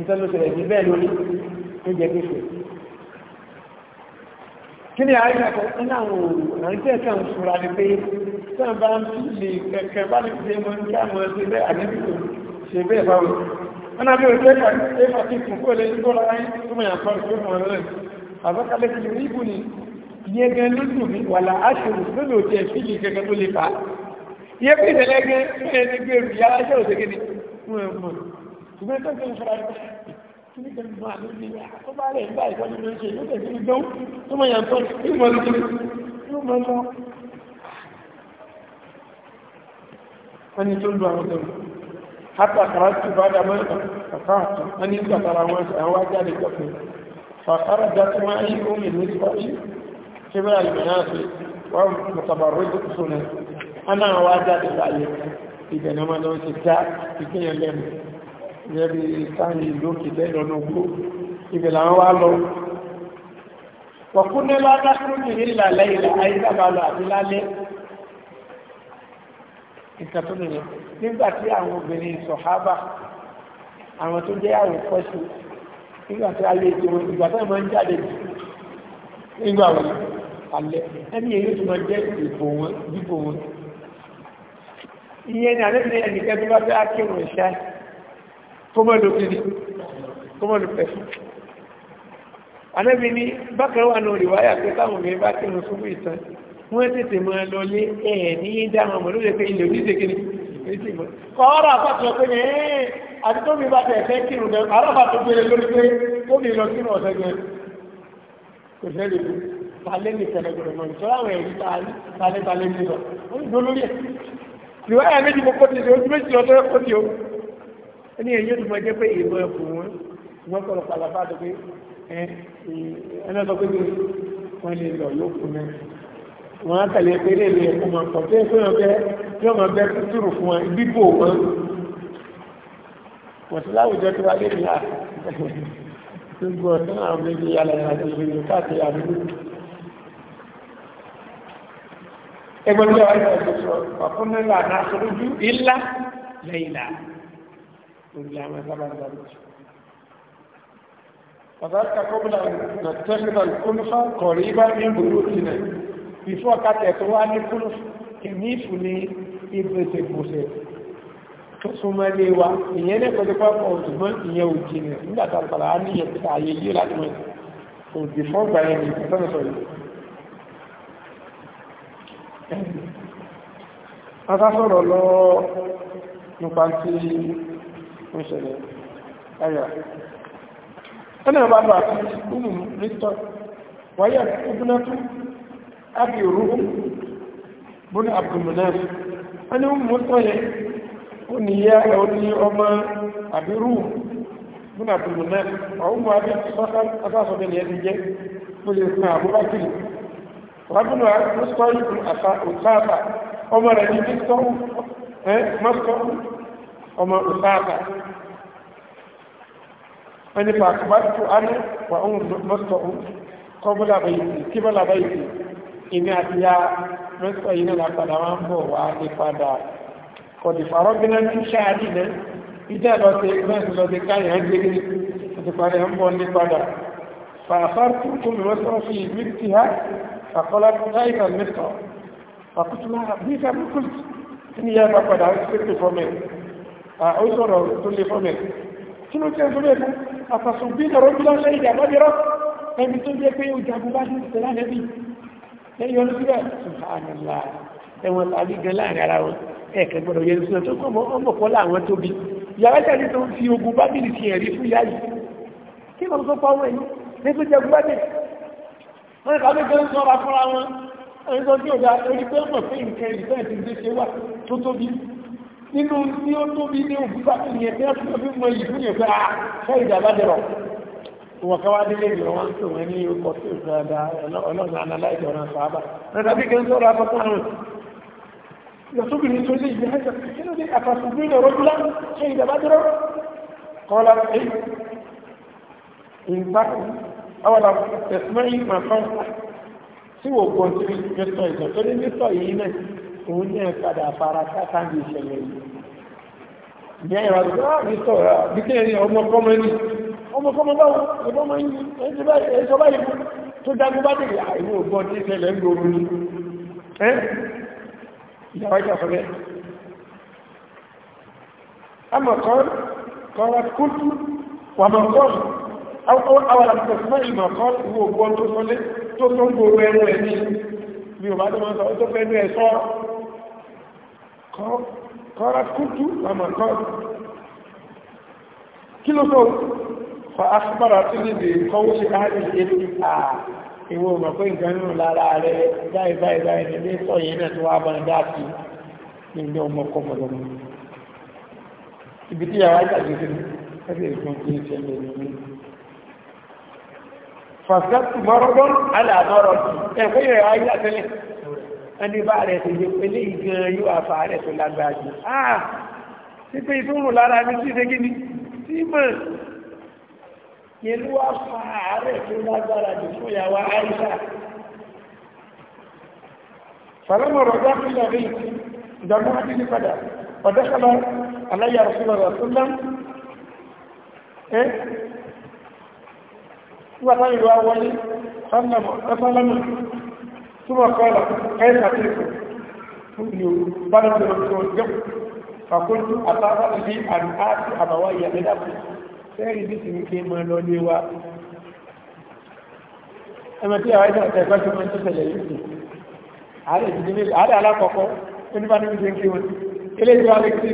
ìtọ́lọ́sẹ̀lẹ̀ ní bẹ́ẹ̀ lórí ló jẹ́ kèfèrí. kí ni àyíká kan náà wò rántí ẹ̀ka ń fura ni pé sáà bá ń fi lè kẹ̀kẹ́ bá lè fi ṣe mọ́ ní káwọn ṣe bẹ́ẹ̀ àdébìtò ṣe bẹ́ẹ̀ báwọn ana bi wata ka ka ki kun ko le ko la ai kuma ya fara ko mo le aba kale ki ribu ni ye ga lutu bi wala ashru sulu te fili ke ga tuli fa ye bi de le ge ne ge bi ya sha o se ke ni mo mo tu be ta ke fara ni ga ma ni ni ko ba le ba ko tó ń lo àwọn tẹ̀lé hátà kàràtù bá dá mọ́ fàkàtù wọ́n ní gbàtàrà wọn àwọn ajáde kọfẹ́ fàkàrà dátí máa yí omi ní sọ́rí tí bá alìmọ̀náàfi wọ́n mọ̀tàbàrú ìdókòsónà ana àwọn ajáde láyé ìgbẹ̀nà máa lọ́wọ́ ti dá ìgbìyàn lẹ́nu lẹ́bi sáyìn ìlú kìdẹ́ ìlọ́nà ogbó ìbẹ̀ làwọn wá lọ wọ̀kúnlẹ́lá dákúrú nìyí ìlàlẹ́ nǹkan tó nìyẹn nígbà tí àwọn obìnrin sọ̀hábà àwọn tó jẹ́ àwòkọ́ṣe nígbà tí a lè tó ìgbà tó máa ń jáde jù nígbà wọn alẹ́ ẹni èyí tó máa jẹ́ ìbò wọn dìbò wọn ìyẹn ni àlébìnrin ẹnìkan tó bá fẹ́ ákẹ́rù ẹ̀ṣá kó mọ́ lókiri kó mọ́ lókẹ́ fún àlébìnrin bákan wà ní òrìwáyà pé táwọn obìnrin bá kẹ́rù fún ìtàn wọ́n tètè mọ́ ẹ lọlé ẹ̀ ní dáhùn ọmọ lórí pé ilẹ̀ oníṣẹ́ kiri kọ́ọ̀rọ̀ àpapọ̀ pé ní ẹ̀ àti tó mi bá tẹ̀ fẹ́ kírun náà àrọ́bà tó gbére lórí pé ó mi lọ kírun ọ̀sẹ̀ gan kò fẹ́ lè lu balẹ̀ ní tẹ̀lẹ̀gbọ̀rọ̀ mọ́ ìṣọ́ àwọn ẹ̀rí ta ní balẹ̀ balẹ̀ o ó ní èyí tó mọ jẹ́ pé ìmọ̀ ẹ̀kùn wọn wọ́n sọ̀rọ̀ pàlàbà tó pé ẹ̀ ẹ̀ ẹ̀ lọ́sọ pé wọ́n lè lọ wọn á tẹ̀lé péré ilé ẹ̀kọ́ máa kọ̀ tí ẹ̀kọ́ yọ̀ọ́ bẹ́ tí wọ́n máa bẹ́ tútùrù fún wọn bíbò wọn wọ́n ti láwùjọ tó wá lébi à gbogbo ọ̀sán àwọn méjì yàrá yàrá tó lè lò káàkiri àdúgbò ẹgbẹ́ ní ọ̀rẹ́ ẹ̀kọ́ sọ ọ̀fun nílò àná aṣojú ilá lẹ́yìnlá lórí àwọn ẹ̀sábà ń darí jù ọ̀sán kakọ́bùlà nàtẹ́kìtà kúnfà kọ̀rí bá ní burú ìnà before kátẹ̀ tó wá ní kúrú ìmífù ní ìgbésẹ̀gbòsẹ̀ tó súnmọ́ ilé wa ìyẹn ní pẹ̀lú pápọ̀ òṣùgbọ́n ìyẹn ò jìnà nígbà tá a padà á níyẹn pẹ̀lú ààyè yìí láti mọ̀ kò dì fọ́ gbà yẹn nìkan tó ń sọ yìí. a ká sọ̀rọ̀ lọ nípa tí ó ń ṣẹlẹ̀ ayà ó ní ọba bàbá ìgbùmù nítọ́ wáyà ìgbùnà tún أبي روم بن عبد المناف أنا أم مطلع ونيا أولي أما أبي روم بن عبد المناف وأم أبي صخر أساس بن يدي ولكن أبو بكر وابن مصطلح بن أساس أما رجل مصطلح مصطلح أما أساس أنا فأخبرت أنا وأم مصطلح قبل بيتي قبل بيتي èmi àti ya mẹ́sọ̀ yìí náà padà wá ń bọ̀ wá lè padà kọ̀dìfàrọ́ bí náà ń ṣáàdì náà ìjẹ́ lọ́tẹ̀ mẹ́sì lọ́tẹ̀ káyà ń gbé àti padà ń bọ̀ lè padà fàfàrtù kún mi mẹ́sọ̀ fi ìgbé ti ha fàkọ́lá táìkà mẹ́sọ̀ fàkútùmá bí ká bí kùt ní yá bá padà ń ẹni tó jẹ́ pé ó bá ti ń lẹ́bí ẹ̀yọ́ ní síbẹ̀ ṣùgbọ́nàlá ẹ̀wọ̀n tàbí gan láàrin ara wọn ẹ̀kẹ́ gbọ́dọ̀ yẹ lóṣù tó kọ́ ọmọkọ́ láwọn tóbi yàrá jáde tó ń fi ogun bábìlì fi ẹ̀rí fún yá yìí kí wọ́n tó pọ́wọ́ ẹ̀yìn ní tó jẹ gbọ́dẹ̀ wọ́n kà ló gbọ́dọ̀ sọ́ra fúnra wọn ẹ̀yìn tó tí ó dáa torí pé ọmọ pé nǹkan ìfẹ́ ti gbé ṣe wà tó tóbi nínú tí ó tóbi ní òkúta ìyẹn tí wọ́n fi mọ ìdúnyẹ̀ pé a ah, fẹ́ wọn ká wá délé ìlú wọn tó wọn ní orúkọ tí ó sọ ẹ̀dá ọlọ́run analáìsí ọ̀ràn sàábà nígbà bí kẹ́ńtọ́ ọ̀rọ̀ afọ́tọ́ àrùn lọ́sọ́bìnrin tó lè yẹ ẹ̀sẹ̀ kí ló dé àfàṣùgbé ìlú rọ́dúlá ṣe ìjàmbá dúró kọ́lá ẹ̀ ìgbà àwọn tẹ̀símẹ́yìn máa fọ́n tí wò gbọ́n tí mẹ́tọ̀ ìtọ̀ tó ní mẹ́tọ̀ yìí náà òun ní ẹ̀kadà fara káàkiri ìṣẹ̀lẹ̀ ọmọkọ́mọ báwọn ìbọn mọ́ yìí ẹ̀ṣọ́ báyìí tó dágbó bá dé àìwò ògbọ́n tí ìṣẹ̀lẹ̀ ń gbòrò ní ẹ́ ìyàwó ìjà fọ́lẹ́ amọ̀kọ́n kọ́ra kútù wà mọ̀kọ́n àwọn àpẹẹsùmọ́ ìmọ̀kọ́n ìwò ògbọ́n tó sọlé tó tó ń gbòrò ẹnu ẹ̀ ní mi ò bá tó máa sọ tó fẹ́ ní ẹ̀ṣọ́ kọ́ra kútù wà mọ̀kọ́n kí ló sọ فأخبرت بقول أهل العلم ìwọ mọ̀ pé nǹkan nínú lára rẹ̀ báyìí báyìí báyìí ní ilé sọ yìí náà tó wá bọ́n dáàtì ní ilé ọmọ kọmọlọmọ ibi tí yàrá ìtàgé sí ẹgbẹ́ ìfún kí n ṣe lè ní fàṣẹ́tù mọ́rọ́gbọ́n aláàmọ́rọ̀ ẹ̀kọ́ yẹ̀rọ ayílátẹ́lẹ̀ ẹni bá rẹ̀ ti yẹ pé léyìí gan yóò àfà rẹ̀ tó lágbára jù ah títí ìtúrù lára ní sí ìlú wá fa àárẹ̀ tó lágbára jù fún ìyàwó àìsà fàlọ́mọ̀ rọ̀dá fún ìlàrí ìdàmú àti ní padà ọ̀dẹ́kọ̀lá aláyà rọ̀sùlọ̀rọ̀ tó lám ẹ́ wọ́n ìlú awọlé sọ́lọ́mọ̀ túnmọ̀ kọ́lọ̀ ẹ̀ẹ́sà tí kò fún ìlú bá sẹ́rì bí sinmi kí máa lọ lé wa ẹmọ tí àwọn ẹgbẹ́ ẹ̀kọ́ tí wọ́n ń tẹ̀lé yìí sí ààrẹ ìdílé nílẹ̀ ààrẹ alákọ̀ọ́kọ́ oníbà níbi tí ń kí wọn ilé ìwà rẹ̀ tí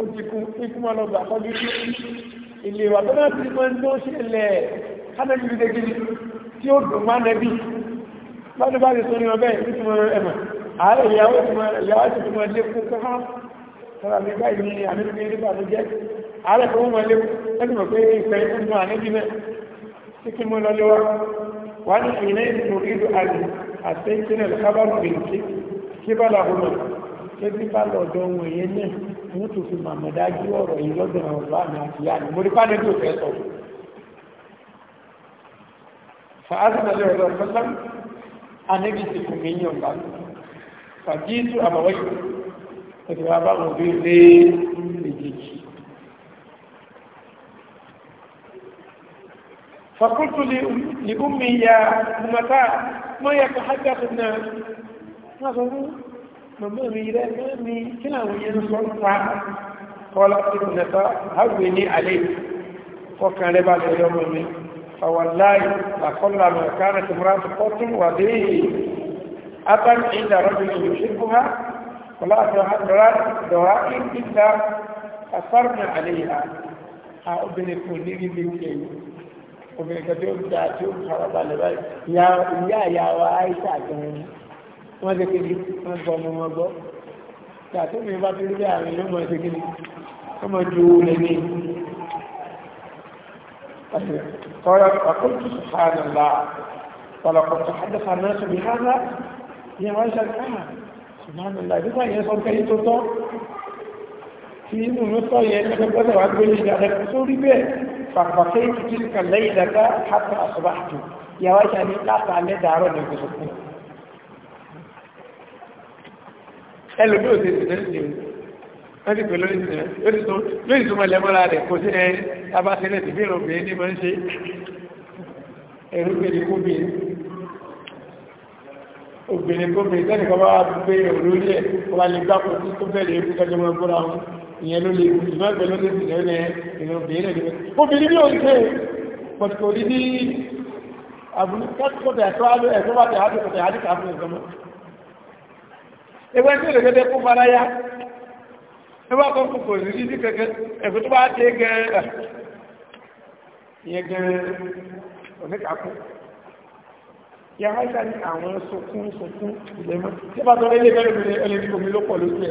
ó ti kú ikú máa lọ gbà kọjú sí ilé ìwà tó náà ti máa ń tó ṣẹlẹ̀ kánẹ́bí bí dégé tí ó dùn máa nẹ́bí lọ́dún bá ti sọ ní ọbẹ̀ ní tìmọ̀ ẹ̀mọ̀ ààrẹ ìyàwó ti máa lékún kọ́ ààrẹ tó wọ́n lé ẹni mọ̀ pé ìfẹ́ ìfúnnú àníbí náà tí kí mú lọlé wá wà ní ìrìnà ìlú ìlú àlè àti ìtìlẹ̀ kábàrù bèèkì kí bá làbùmọ̀ tó bí bá lọ́dọ̀ ohun èyẹ náà mú tó fi màmọ̀ dájú ọ̀rọ̀ yìí lọ́dọ̀ ọ̀rọ̀ àmì àti ìyá ni mo rí pàdé tó fẹ́ sọ fàázìnà lè ọ̀rọ̀ فقلت لأمي يا أمتاء ما يتحدث الناس نظروا مامي لا مامي كنا وين كلام قال قالت النساء هوني عليه فكان لبعض اليوم فوالله لقل ما كانت امرأة قط وذي أتى عند رجل يحبها ولا تهدرت دوائر إلا أثرنا عليها أبنكم لي بكين obìnrin kan tí ó da tí ó fara balẹ̀ báyìí ìyá ìyá wa aisha gan-an wọ́n ṣe kéde wọ́n gbọ́ ọmọ wọn gbọ́ tàbí mi bá fi rí bí àárín ló mọ̀ ṣe kéde wọ́n mọ̀ ju owó lẹ́ni. قال قلت سبحان الله ولقد تحدث الناس بهذا يا عائشة الآن سبحان الله بما يصل كي تطور في نصر يتكبر وعد بلي على سوري به فبقيت تلك الليلة حتى أصبحت يا وجه أن يقطع لي دارو لي بسكون ẹlò ní òsè ìsìnkú ní ìlú wọ́n ti pè lórí ìsìnkú lórí ìsìnkú ẹlẹ́mọ́ra rẹ̀ kò sí ẹ abáṣẹ́lẹ̀ tí bí ìròbìnrin ní mọ́ ń ṣe ẹ̀rúgbẹ̀rẹ̀ kóbìnrin obìnrin kóbìnrin tẹ́nìkan bá wà pé òrùlé ọba lè gbá kò tó bẹ̀rẹ̀ ikú kẹjọ mọ́ ẹgbọ́ra wọn ìyẹn ló lè ìgbà ẹgbẹ̀ ló lè fi lẹ́lẹ̀ ìrìn obìnrin ẹgbẹ̀ obìnrin ní oúnjẹ pọ̀tùkò rí ní abúlùkọ́tùkọ́tẹ̀ ẹ̀kọ́ àdúkọ̀tẹ̀ àdúkọ̀ àfún ìgbọ́mọ́ ẹgbẹ́ tí ìrẹ̀gẹ́dẹ́ kó fara ya ẹgbẹ́ kan kò kò rí sí kẹ̀kẹ́ ẹ̀fẹ́ tó bá tẹ́ gẹ́rẹ́ ìyẹn gẹ́rẹ́ oníkàkú yàrá ìta ní àwọn sọkún sọkún ìlẹ̀mọ́ tí bá tọ́ lé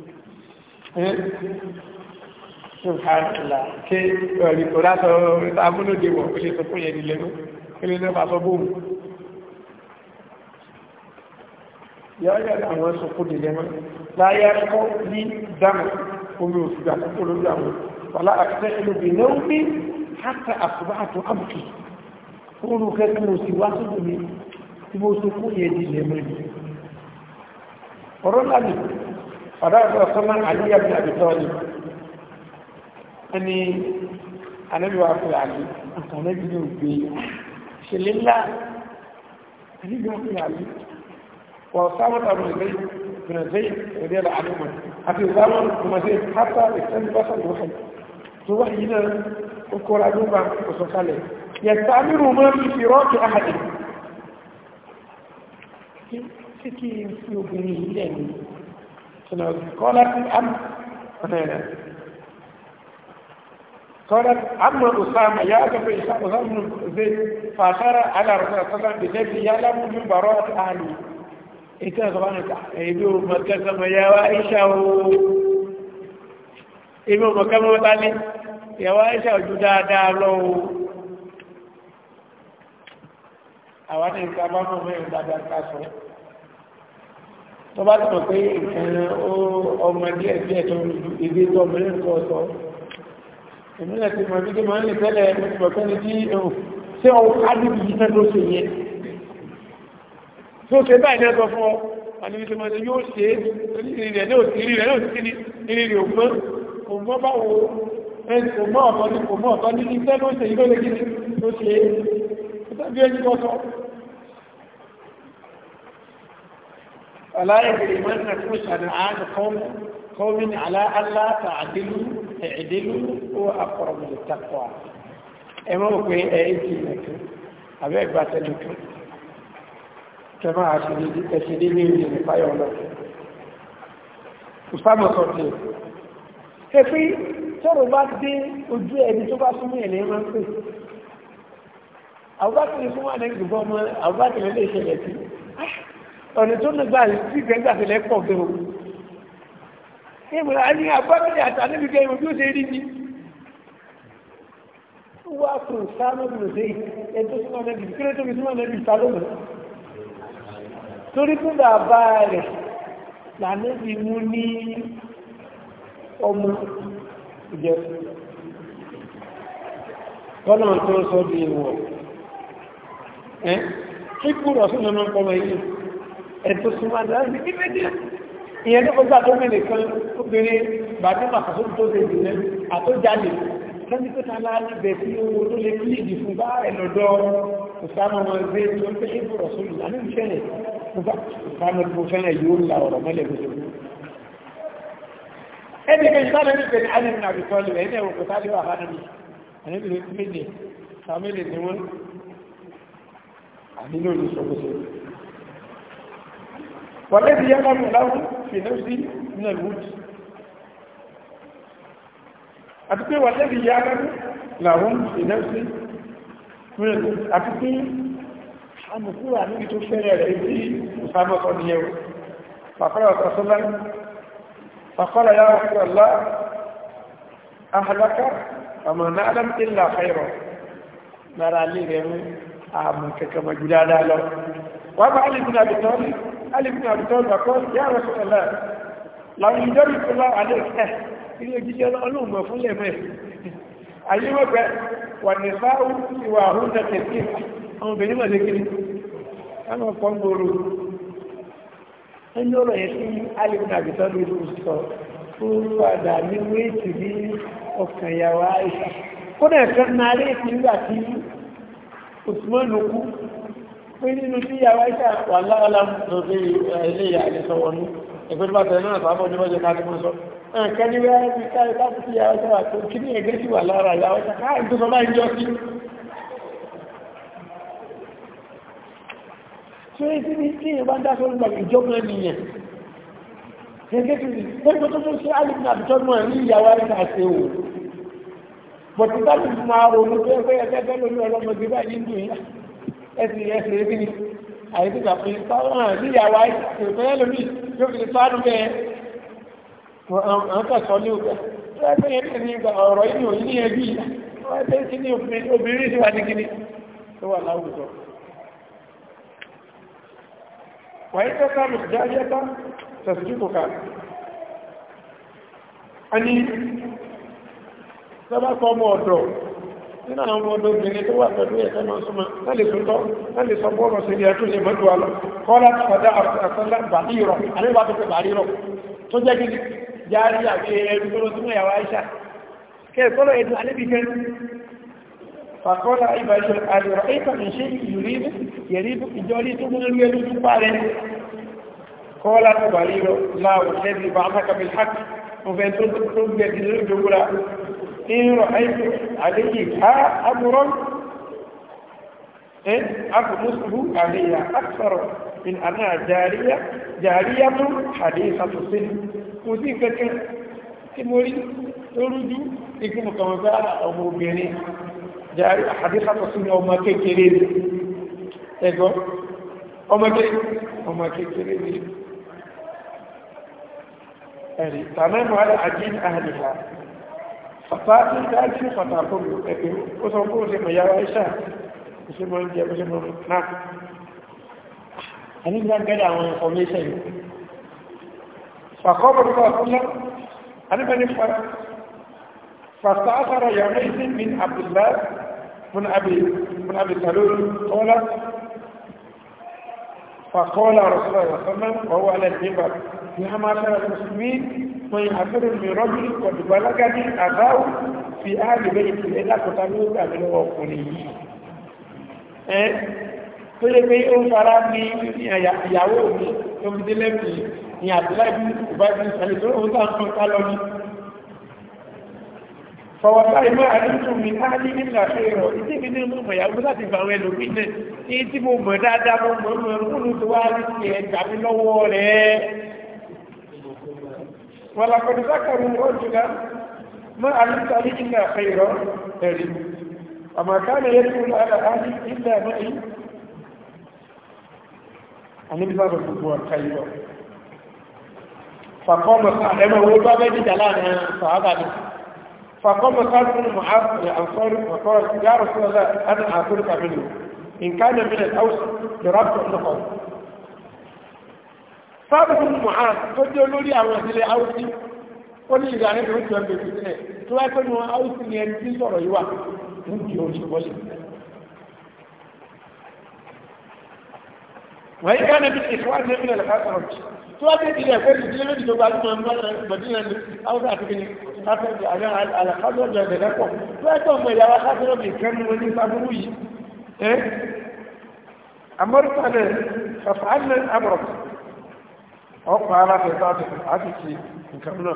Eh? ṣùgbọ́nlá ké ọ̀rí kò látọ̀ abúlódé wọ̀ ó lè sọ fún yẹn nílẹ̀ ó lè lọ́pàá sọ bóòmù yọ́yọ́ àwọn sọ fún nílẹ̀ mọ́ láyé ẹ̀kọ́ ní dámà omi òṣùgbà tó lórí àwọn wàlá àkẹ́kẹ́ ẹlòmí náà ní hátà àkùbá àtọ àbùkì oòrùn kẹ́kẹ́ mo sì wá ọ̀dọ́dọ̀ sọ́mọ́ àlíyà bí àbítọ́ọ̀lì ẹni anábíwá fúlàní àtànẹ́bí ní ògbé ṣẹlẹ̀ ńlá anábíwá fúlàní wọ́n sáwọ́ta bùnàzẹ́ ìrẹ́lá àdúgbò àti ìzáwọn bùnàzẹ́ pátá ìtẹ́lẹ́bọ́sà lóhàn tó wà yìí náà ó kọ́ra ló bá ọ̀sọ̀ kalẹ̀ yẹ̀ta mírù mọ́ sọ̀rọ̀ kọ́lá tí a mọ̀ قالت أما أسامة يا أبا إسامة أسامة زيد فأثار على رسول الله صلى الله عليه وسلم يعلم من براءة أهلي إذا زمان إذا ما كسم يا وائشة إذا ما كم يا وائشة جدا دالو أوان إن كمان ما يدار كاسو tó bá tọ̀nà pé ìkànnà ọmọ díẹ̀ díẹ̀ tó ìgbé tó ọmọ ilé nǹkan ọ̀sọ́ ìmúlẹ̀ tí mo ní kí mo ń lè tẹ́lẹ̀ mo ti mọ̀kẹ́ ni tí ṣé ọwọ́ ádùn yìí fẹ́ ló ṣe yẹn tó ṣe báyìí náà sọ fún ọ àníbi tí mo ní yóò ṣe ìrìn rẹ̀ náà ìrìn rẹ̀ náà sí ni فلا يجرمنكم شنعان قوم قوم على ألا تعدلوا اعدلوا هو أقرب للتقوى ẹmọ́ òpé ẹ̀ẹ́kì nìkan abẹ́gbàtẹ̀ nìkan kẹmọ́ àṣìdí ní ìlú nípáyọ̀ ọlọ́pẹ̀ ìsámọ̀ sọ̀tẹ̀ kẹfí tọ́rọ bá dé ojú ẹni tó bá súnmọ́ ẹ̀lẹ́ máa ń pè àwọ́bá ọ̀nà tó lè gbà sí ìgbẹ́gbàtẹ̀lẹ̀ pọ̀ gẹ̀rọ ìmọ̀ àní àbábílẹ̀ àtàlẹ́bí gẹ̀ ìwọ̀n bí ó ṣe rí ní wà fún sáàmùlù sí ẹjọ́ súnmọ́ lẹ́bí kí ló tóbi súnmọ́ lẹ́bí sálọ́mù torí fún bàbá rẹ̀ lànẹ́bí mú ní ọmọ ìjẹ kọ́nà tó sọ di ìwọ̀ ẹ́ kíkú rọ̀ sínú ọmọ ọmọ yìí ẹ̀tọ́ súnmọ́ náà ní kí méjì ìyẹn tó gbogbo àtọ́mìnì kan obìnrin bàdúmà àtọ́ tó lè dìnnà àtọ́jáde kẹ́ndí tó ta láà níbẹ̀ tí owó tó lè kí ìdí fún bá ẹ̀lọ́dọ́ ìsámọ́ wọn gbé tó ń tẹ́lẹ̀ bọ̀rọ̀ sólù lánà ìṣẹ̀lẹ̀ ìsámọ́ tó fẹ́rẹ̀ yóò la ọ̀rọ̀ mọ́lẹ̀ gbogbo ẹni kẹ́ ìsámọ́ ní pẹ̀lú alẹ́ nínú àbíkọ́ lè ẹni ẹ̀wọ̀n kò sáré wà hánà mi àní mi lè méje sàmílì ni wọ́n àní lórí sọ́kọ́sọ́ wàlẹ́bí yẹ́ lọ́rùn láwùn fìlẹ́sì náà lùdì àti pé wàlẹ́bí yẹ́ lọ́rùn láwùn fìlẹ́sì náà lùdì àti pé amùkúrò àníbi tó fẹ́rẹ̀ rẹ̀ sí ìsámọ́kọ́ ni ẹwọ́ fàkọ́rọ̀ ọ̀tọ̀sọ́lá fàkọ́rọ̀ yá ọ̀pọ̀ ọ̀lá ahàlákà ọmọ náà lọ́m ilà fẹ́rọ̀ lára alẹ́ rẹ̀ mú àmù kẹkẹmọ̀ jù dáadáa lọ wọ́n bá alẹ́ alif ní àbútọ́ ìgbàkọ́ yá rẹ̀sọ̀lẹ̀ láwọn ìjọ́rì tó lá alẹ́ ẹ̀ ilé jíjẹ́ ọlọ́mọ̀ fúnlẹ̀ mẹ́ ayéwẹ̀gbẹ́ wà ní sáà ìwà àhún tẹ̀tẹ̀ sí àwọn obìnrin mọ̀ lékiri ẹnu ọkọ̀ ń gbòòrò ẹni ọ̀rọ̀ yẹn sí alif ní àbútọ́ lójú sọ ó padà ní wéètì ní ọkàn ìyàwó pé nínú tí yàrá ìṣà wà láàlá lórí ilé ìyá àlẹ́sọ wọnú ẹgbẹ́ tó bá tẹ̀lé náà sábọ̀ ní wọ́n jẹ́ ká ti mọ́ sọ. nǹkan ní wẹ́ẹ́ bí káyọ̀ táàbù sí yàrá ìṣà wà tó kí ní ẹgbẹ́ sì wà lára yàrá ìṣà káàkiri tó sọ bá ń jọ sí. ṣé tí ní kí ìyẹn bá ń dá sórí gbàgbé ìjọba nìyẹn gẹ́gẹ́ bí gẹ́gẹ́ tó tó ṣe pé ẹgbẹ́ ẹgbẹ́ lórí ọlọ́mọdé báyìí ń ẹsìn ẹsìn ẹbí ni àyẹ̀tí kàfé sọ́wọ́n àti ìyàwó àìsàn ìfẹ́ lómi yóò fi sáré bẹ́ẹ̀ àwọn kan sọ ní òkè ẹgbẹ́ yẹn ní ìgbà ọ̀rọ̀ yìí ò ní ẹbí wọ́n ẹgbẹ́ sí ní obìnrin sí wà ní kíní tó wà láwùjọ. wàyí tó ká lùsì jáde ká tẹ̀sí kò ká a ní sábà kọ́ ọmọ ọ̀dọ̀ nínú àwọn ọmọdébìnrin tó wà pẹ̀lú ẹ̀sẹ̀ náà súnmọ́ wọ́n lè tuntọ́ wọ́n lè sọ bọ́ọ̀rọ̀ sí ilé ẹ̀tún lè mọ́tò wa lọ kọ́lá fọdá àfẹ́lá bàbí rọ̀ àríwá tó fẹ́ bàbí rọ̀ tó jẹ́ kí járí àti ẹ̀rù tó lọ́sí mọ́ ìyàwó àìsà kẹ́ẹ̀kọ́lọ̀ ẹ̀dùn alẹ́bí kẹ́ fàkọ́lá ìbáṣọ àlùrọ̀ ẹ̀kọ́ إن رأيت عليه ها أمرا أغمسه عليها أكثر من أنها جارية جارية حديثة السن وذيك كموري تولد يكون كما قال أمر بيني جارية حديثة السن أو ما كيكيري أيوه ọmọ kékeré ọmọ kékeré ni ẹ̀rí tàmẹ́mọ́ àjíǹ àhàlìhà fàtàkì dájú pàtàkùn ẹ̀pẹ̀ ó sọ fún òṣèmọ̀ yàrá iṣà òṣèmọ̀ oúnjẹ òṣèmọ̀ náà ẹni gbá gẹ́dà àwọn information yìí fàkọ́bọ̀ nípa ọ̀tọ́lá anífẹ́ni fàtàkàrà yàrá iṣẹ́ min abdullahi mun abi salori tọ́lá فقال رسول الله صلى الله عليه وسلم وهو على المنبر يا معشر المسلمين من يعبر من رجل قد بلغني أذاه في أهل بيتي إلا كتبوك من وقوني tó yẹ pé ó ń fara ní ìyàwó mi tó ń délé mi ní àtìláìbí ìbájú ìsàlẹ̀ tó ń tàn fún kálọ́ ní fọwọ́láì máa àdúntò mi á ní nílà ẹ̀rọ ìdí mi ní mọ̀ ìyàwó láti fà àwọn ẹlòmí náà ní tí mo mọ̀ dáadáa mo mọ̀ mọ̀ kúrò tó wá mi lọ́wọ́ rẹ̀. sákàrù فقام خالد بن معاذ الانصاري فقال يا رسول الله انا اعترف منه ان كان من الاوس لربط النقاط ثابت بن معاذ تقول له لي اعمل الاوسي wọ́n ní ìgbà rẹ̀ ló ń jẹun bèbí sílẹ̀ tó wáyé pé wọn áwùsì ni ẹni tí ń sọ̀rọ̀ yìí wà ń di oṣù wọlé. wọ́n yí ká níbi ìfọwọ́sí ẹ̀mí lẹ́lẹ́ká sọ̀rọ̀ jù tí wọ́n tẹ̀sí ilẹ̀ pé ìdílé méjì tó gbajúmọ̀ gbọ̀dúnlẹ̀ ní haúsá àti kìnnì káfíńtì àlẹ́ àlàkásọ́jọ ìbẹ̀rẹ̀ pọ̀ tí wọ́n tọ̀ mọ̀ ìyàwó akásọ́jọ ìkẹ́nu ní sábúrú yìí ẹ́ amọ́ríkà lẹ̀ ṣàfàánù abrọ̀t ọkọ̀ ara fẹ̀ sáfẹ̀ àti ti nǹkan náà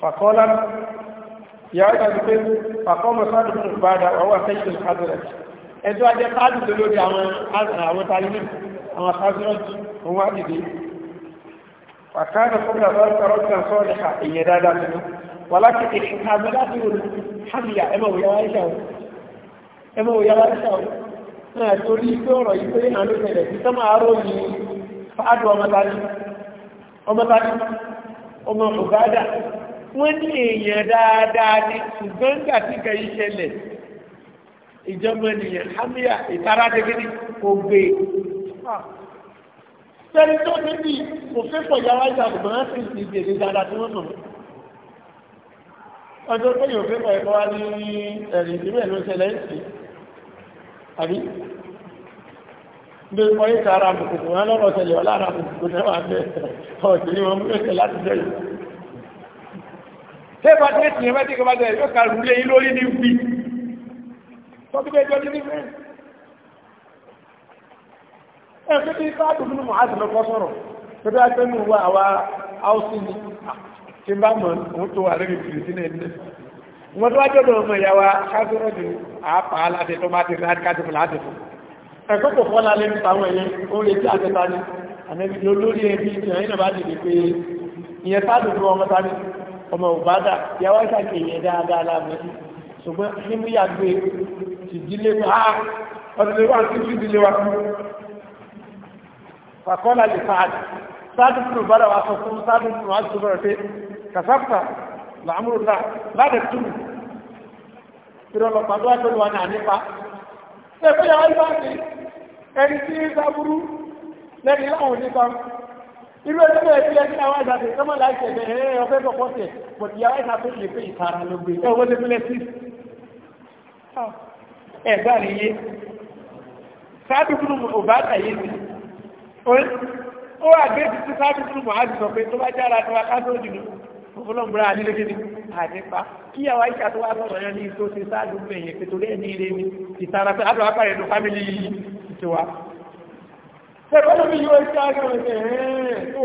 fàkọ́lá ya ọ̀dà ti pé fàkọ́mọ̀ sáàdù fún ìbáda ọwọ́ sẹ́yìn ìhàdùrẹ̀ ẹjọ́ ajẹ́ sáàdù tó lórí àwọn àwọn tàbí àwọn sáàdù òun wá dìde wàkánà fúnra lọ́sọ̀ rọ́sọ̀ sọ́ọ̀lì ha èyẹ dáadáa nínú wà láti èyí ha mi láti wò ní hàmìyà ẹ máa wò yára ìṣà o ẹ máa wò yára ìṣà o náà torí pé ọ̀rọ̀ yìí pé náà ló tẹ̀lẹ̀ sí sọ́mà arọ́ ni fáàdù ọmọtani ọmọtani ọmọ ọ̀gádà wọ́n ní èèyàn dáadáa ní ṣùgbọ́n nígbà tí nǹkan yìí ìjọba ènìyàn hàmìyà ìtara dẹ́gẹ́dẹ́ kò gbé tẹ́lẹ̀ tó níbi kò fẹ́ pọ̀ yàrá ìjà àgbọ̀n á sì ti bèrè dáadáa tí wọ́n mọ̀. ọjọ́ pé yóò fẹ́ pọ̀ ẹ̀kọ́ wá ní ẹ̀rìn ìbílẹ̀ ló ṣẹlẹ̀ ń sì àbí bí wọ́n yíká ara àbùkùkù wọn lọ́rọ̀ ṣẹlẹ̀ ọ̀la ara àbùkùkù náà wà bẹ́ẹ̀ ọ̀sìn ni wọ́n mú ẹsẹ̀ láti bẹ́ẹ̀ tẹ́ bá tẹ́ tìyẹn bá kọ́ ẹ̀kẹ́ bí káàdù fún mọ̀ àti lọ́kọ́ sọ̀rọ̀ tó bí akẹ́ nù wá àwa áùsì ni tí bá mọ̀ òun tó wà lórí fìrìsì náà ní wọ́n tó wá jọ́dọ̀ ọmọ ìyá wa kájọ́rọ̀ ni àápa aláṣẹ tó bá ti rí àdìkájọ́ fún láti fún ẹ̀kọ́ kò fọ́ lálẹ́ nípa àwọn ẹ̀yẹ ó lè tí àtẹ́ta ni àmẹ́bí lórí ẹbí ìtìyàn yìí náà bá dìde pé ìyẹn táàdù fún ọmọ tani ọmọ òbádà ìyàwó ìṣàkè ìyẹn dáadáa lábẹ́ ṣùgbọ́n nínú fàkọ́lá lè sáàdì sáàdì tó bára wa sọ fún sáàdì tó wá tó bára pé kàsáfà làmúrúdà ládẹ tún ìrọ̀lọ́pàá tó wá tó wà ní ànípa ṣẹ̀fẹ́ yà wáyé báyìí ẹni tí ń sáburú lẹ́ni láwọn onípa irú ẹni bẹ́ẹ̀ bí ẹni àwọn àgbàdo sọ́mọ́ láti ẹ̀dẹ̀ ẹ̀rẹ́ ọ̀fẹ́ bọ̀kọ́ tẹ̀ pọ̀tì yà sí ó wà gbé títí sáájú tún mọ̀ láti sọ pé tó bá jára tó wá káṣó jùlọ fúnfún náà múra nílé kéde àdépa kí àwọn àyíká tó wá sọ̀rọ̀ yẹn ní tó ṣe sáájú pé èyàn pé torí ẹni ilé ní ìtara pé àtọ̀ apá ìlú fámìlì ìtiwa. Ṣẹ̀fọ́ ló fi yọ iṣẹ́ àgbà rẹ̀ pé ẹ̀ẹ́n tó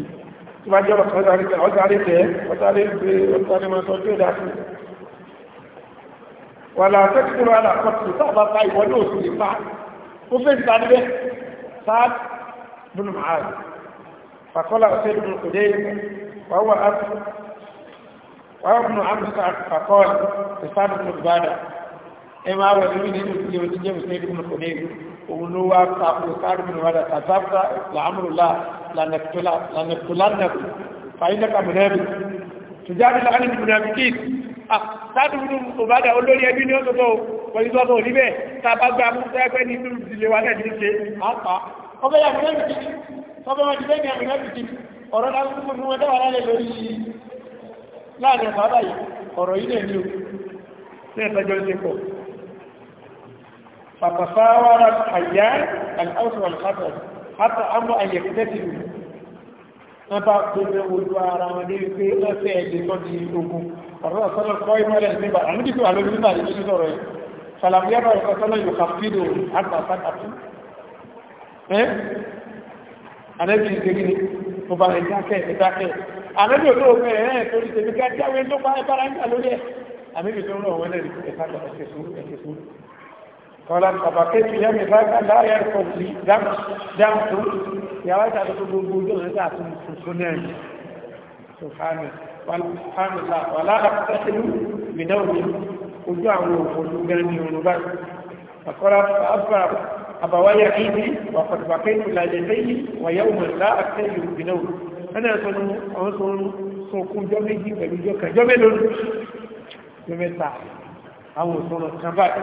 wọn tí bá jẹ́ ọ̀sán ọ̀sáré tẹ́ ọ̀sáré gbé ọ̀sáré máa sọ tí ó dákú wà láàpẹ́ tí ó rárá kọ́tù sáàbá pa ìwọ ní òsì lè pa ó fẹ́ ìta níbẹ̀ sáàd bùnú màálù fàkọ́lá ọ̀sẹ̀ bùnú kò dé wà wà ápù wà wà bùnú ápù fàkọ́lá ìsáàd lanẹ̀tùlánẹ̀kù fàyínẹ́kà mùnẹ́bì tùjáde láàrin mùnàbìkì sádùnú òbádà olórí ẹbí ní ọ̀tọ̀tọ̀ pẹ̀lúgbọ́gbọ̀ oníbẹ̀ tàbágbà mú sẹ́gbẹ́ nínú ìdílé wa náà ní ṣe àpá ọbẹ̀ yà mùnẹ́bìkì ọbẹ̀ wọn ti bẹ́ẹ̀ ní àmùnẹ́bìkì ọ̀rọ̀ náà fún fún wọn dáwà lálẹ́ lórí láàrin bàbá yìí ọ̀rọ̀ yìí lẹ́nu ní ẹ̀tọ́jọ́ ṣe pọ̀ pàpàfáwárà àyà àlùfáàsù àlùfáàsù hátà ámọ́ àyẹ̀kẹ́tìlú wọ́n bá gbogbo ojú ara wọn ní wípé wọ́n fẹ́ ẹ̀dẹ̀ tó di ogun ọ̀rọ̀ ọ̀sọ́lọ̀ kọ́ ìmọ̀lẹ̀ nígbà àmì tó àlọ́ nígbà àti tó sọ̀rọ̀ ẹ̀ sàlàmìyàrá ọ̀sọ́lọ̀ yóò kà fídò àgbà sákàtú ẹ́ àlẹ́bí ìgbégi ni mo bá rẹ̀ dákẹ́ ìdákẹ́ àlẹ́bí òtó òfin kọ́lá tàbàkẹ́ tí lẹ́mí fáfá láyé ẹ̀kọ́ sí dáàmù yàrá ìtàdé tó gbogbo ojú ọ̀rẹ́ àti tuntun náà ni sùfàánù wàlá àpẹẹlú gbìdáwòmí ojú àwọn òfòdó gẹ́rẹ́ ní yorùbá àkọ́lá fàáfà àbàwáyà ìdí wàkọ̀tàbàkẹ́ tí láyé lẹ́yìn wàyá òmìnira àpẹẹlú gbìdáwòmí ẹni ẹ̀sọ́nù àwọn sọ́run sọ́kún jọ́ méjì pẹ̀lú jọ́ kẹjọ́ mélòó jọ́ mẹ́ta àwọn òṣòro kan báyìí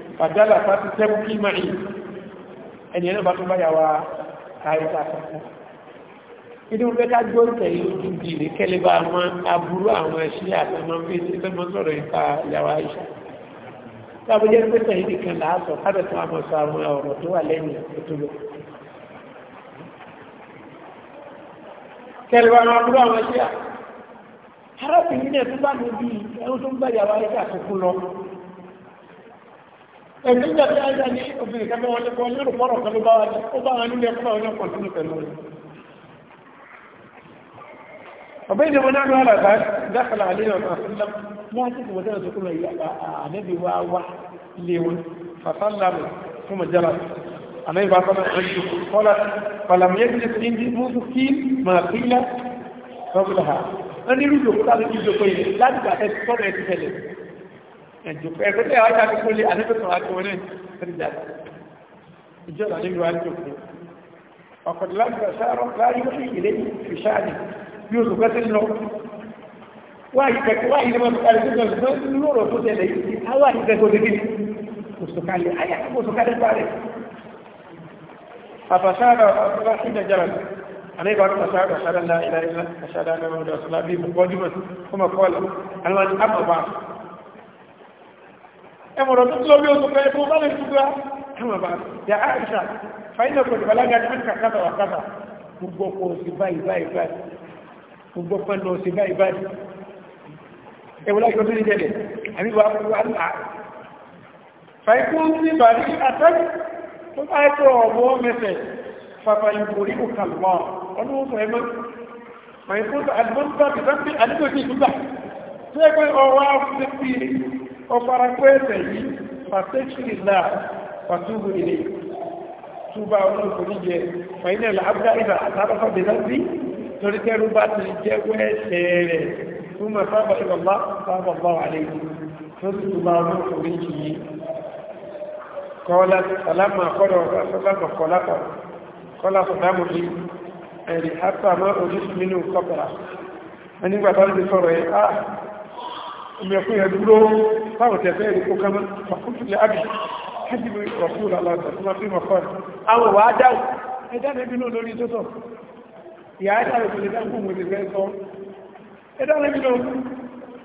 fàjálà fàtí tẹ́bù kí máa yìí ẹni ẹ̀nà bá tún bá yàwá àìsà àkọ́kọ́ inú pé ká gbọ́ tẹ̀yí ìdí ní kẹ́lẹ́ bá wọn aburú àwọn ẹ̀ṣí àtàmọ́ fi ṣe fẹ́ mọ́ sọ̀rọ̀ ìpa yàwá àìsà tàbí jẹ́ pé tẹ̀yí nìkan láàtọ̀ kábẹ̀ tó àmọ́ sọ àwọn ọ̀rọ̀ tó wà lẹ́yìn ìtúlò kẹ́lẹ́ bá wọn aburú àwọn ẹ̀ṣí à arábìnrin bí ẹ̀rọ tó ń gbà yàwá àìsà àkọ́kọ́ lọ ẹ̀gbẹ́gbẹ́ tí a ń ní obìnrin kan wọ́n lẹ́kọ́ lérò fọ́rọ̀ kan ló bá wá ní ó bá wọn nílé ẹ̀kọ́ ọ̀yọ́ kan sínú pẹ̀lú rẹ̀ ọ̀bẹ́ ìdí wọn náà rà bá dákàlà àlẹ́yìn ọ̀nà àfúnlá wọ́n ti ti wọ́tẹ́ ọ̀sọ́kùn rẹ̀ àdẹ́bí wá wá ẹ̀jọ̀kọ́ ẹ̀kọ́ tẹ́ wájá ní kólé alẹ́bẹ̀tọ̀ akọrin ríjà ìjọba ní ìwà ìjọkọ́ ọkọ̀dé láti ọ̀sáàrọ̀ láyé sí ilé ìṣáàdì bí o sọ̀kọ́ sí lọ wáyé kẹ́kọ́ wáyé ní wọn kọ́kọ́ sí lọ sí lọ́rọ̀ tó tẹ̀lé yìí awà ní kẹ́kọ́ sí kí kò sọ̀kalẹ̀ ayà kò sọ̀kalẹ̀ parẹ̀ àfàsáàrọ̀ ọ̀sọ̀rọ̀ sí nàìjíríà أنا يقول أشهد أشهد أن لا إله إلا الله أشهد أن محمدا رسول الله بمقدمة ثم قال أنا ẹmọ̀rọ̀ tó lórí oṣù fẹ́ tó bá lè túgbà ẹmọ̀ bá ya àìṣà fàínà kò dìbàlágà ní àǹkà kátà wà kátà gbogbo ọkọ̀ òsì báyìí báyìí báyìí gbogbo pẹ̀lú òsì báyìí báyìí ẹwọ́lá ìjọ tó ní jẹ́lẹ̀ àbí wà á là fàíkú sí bàrí àtẹ́kù tó bá ẹ̀kọ́ ọ̀bọ̀ mẹ́sẹ̀ fàfàyìn kò rí òkàlùmọ́ ọdún ó fẹ́ mọ́ fàíkú àdìmọ́ ọpara kó ẹ̀ṣẹ̀ yìí fàtẹ́kìrìlá fàtúbù ilé túbà olóògbòníjẹ fàílẹ̀ làbúdá ìbà àtàràfà bèzàbí torí tẹ́rù bá ti jẹ́ ẹ̀ṣẹ̀ rẹ̀ fún mẹ́fàbà ìbàbá sábàbà wà lè tó ti túbà olóògbòníjì yìí kọ́lá sàlámà kọ́lọ̀ sàlámà kọ́lápà kọ́lá sàlámù yìí ẹ̀rì hátà má ojú mẹ́kún yẹn dúró táwọn tẹ̀fẹ́ ẹ̀rí kó kánmọ́ fàkúntùlẹ̀ àbì hajjibu rọ̀fúrù aláàtàkùnmá fí mọ̀fọ́n àwọn wà á dáwò ẹjá nẹ́bí náà lórí tó sọ ìyá ẹjá rẹ̀ tó lè dáwò mú ti fẹ́ sọ ẹjá nẹ́bí náà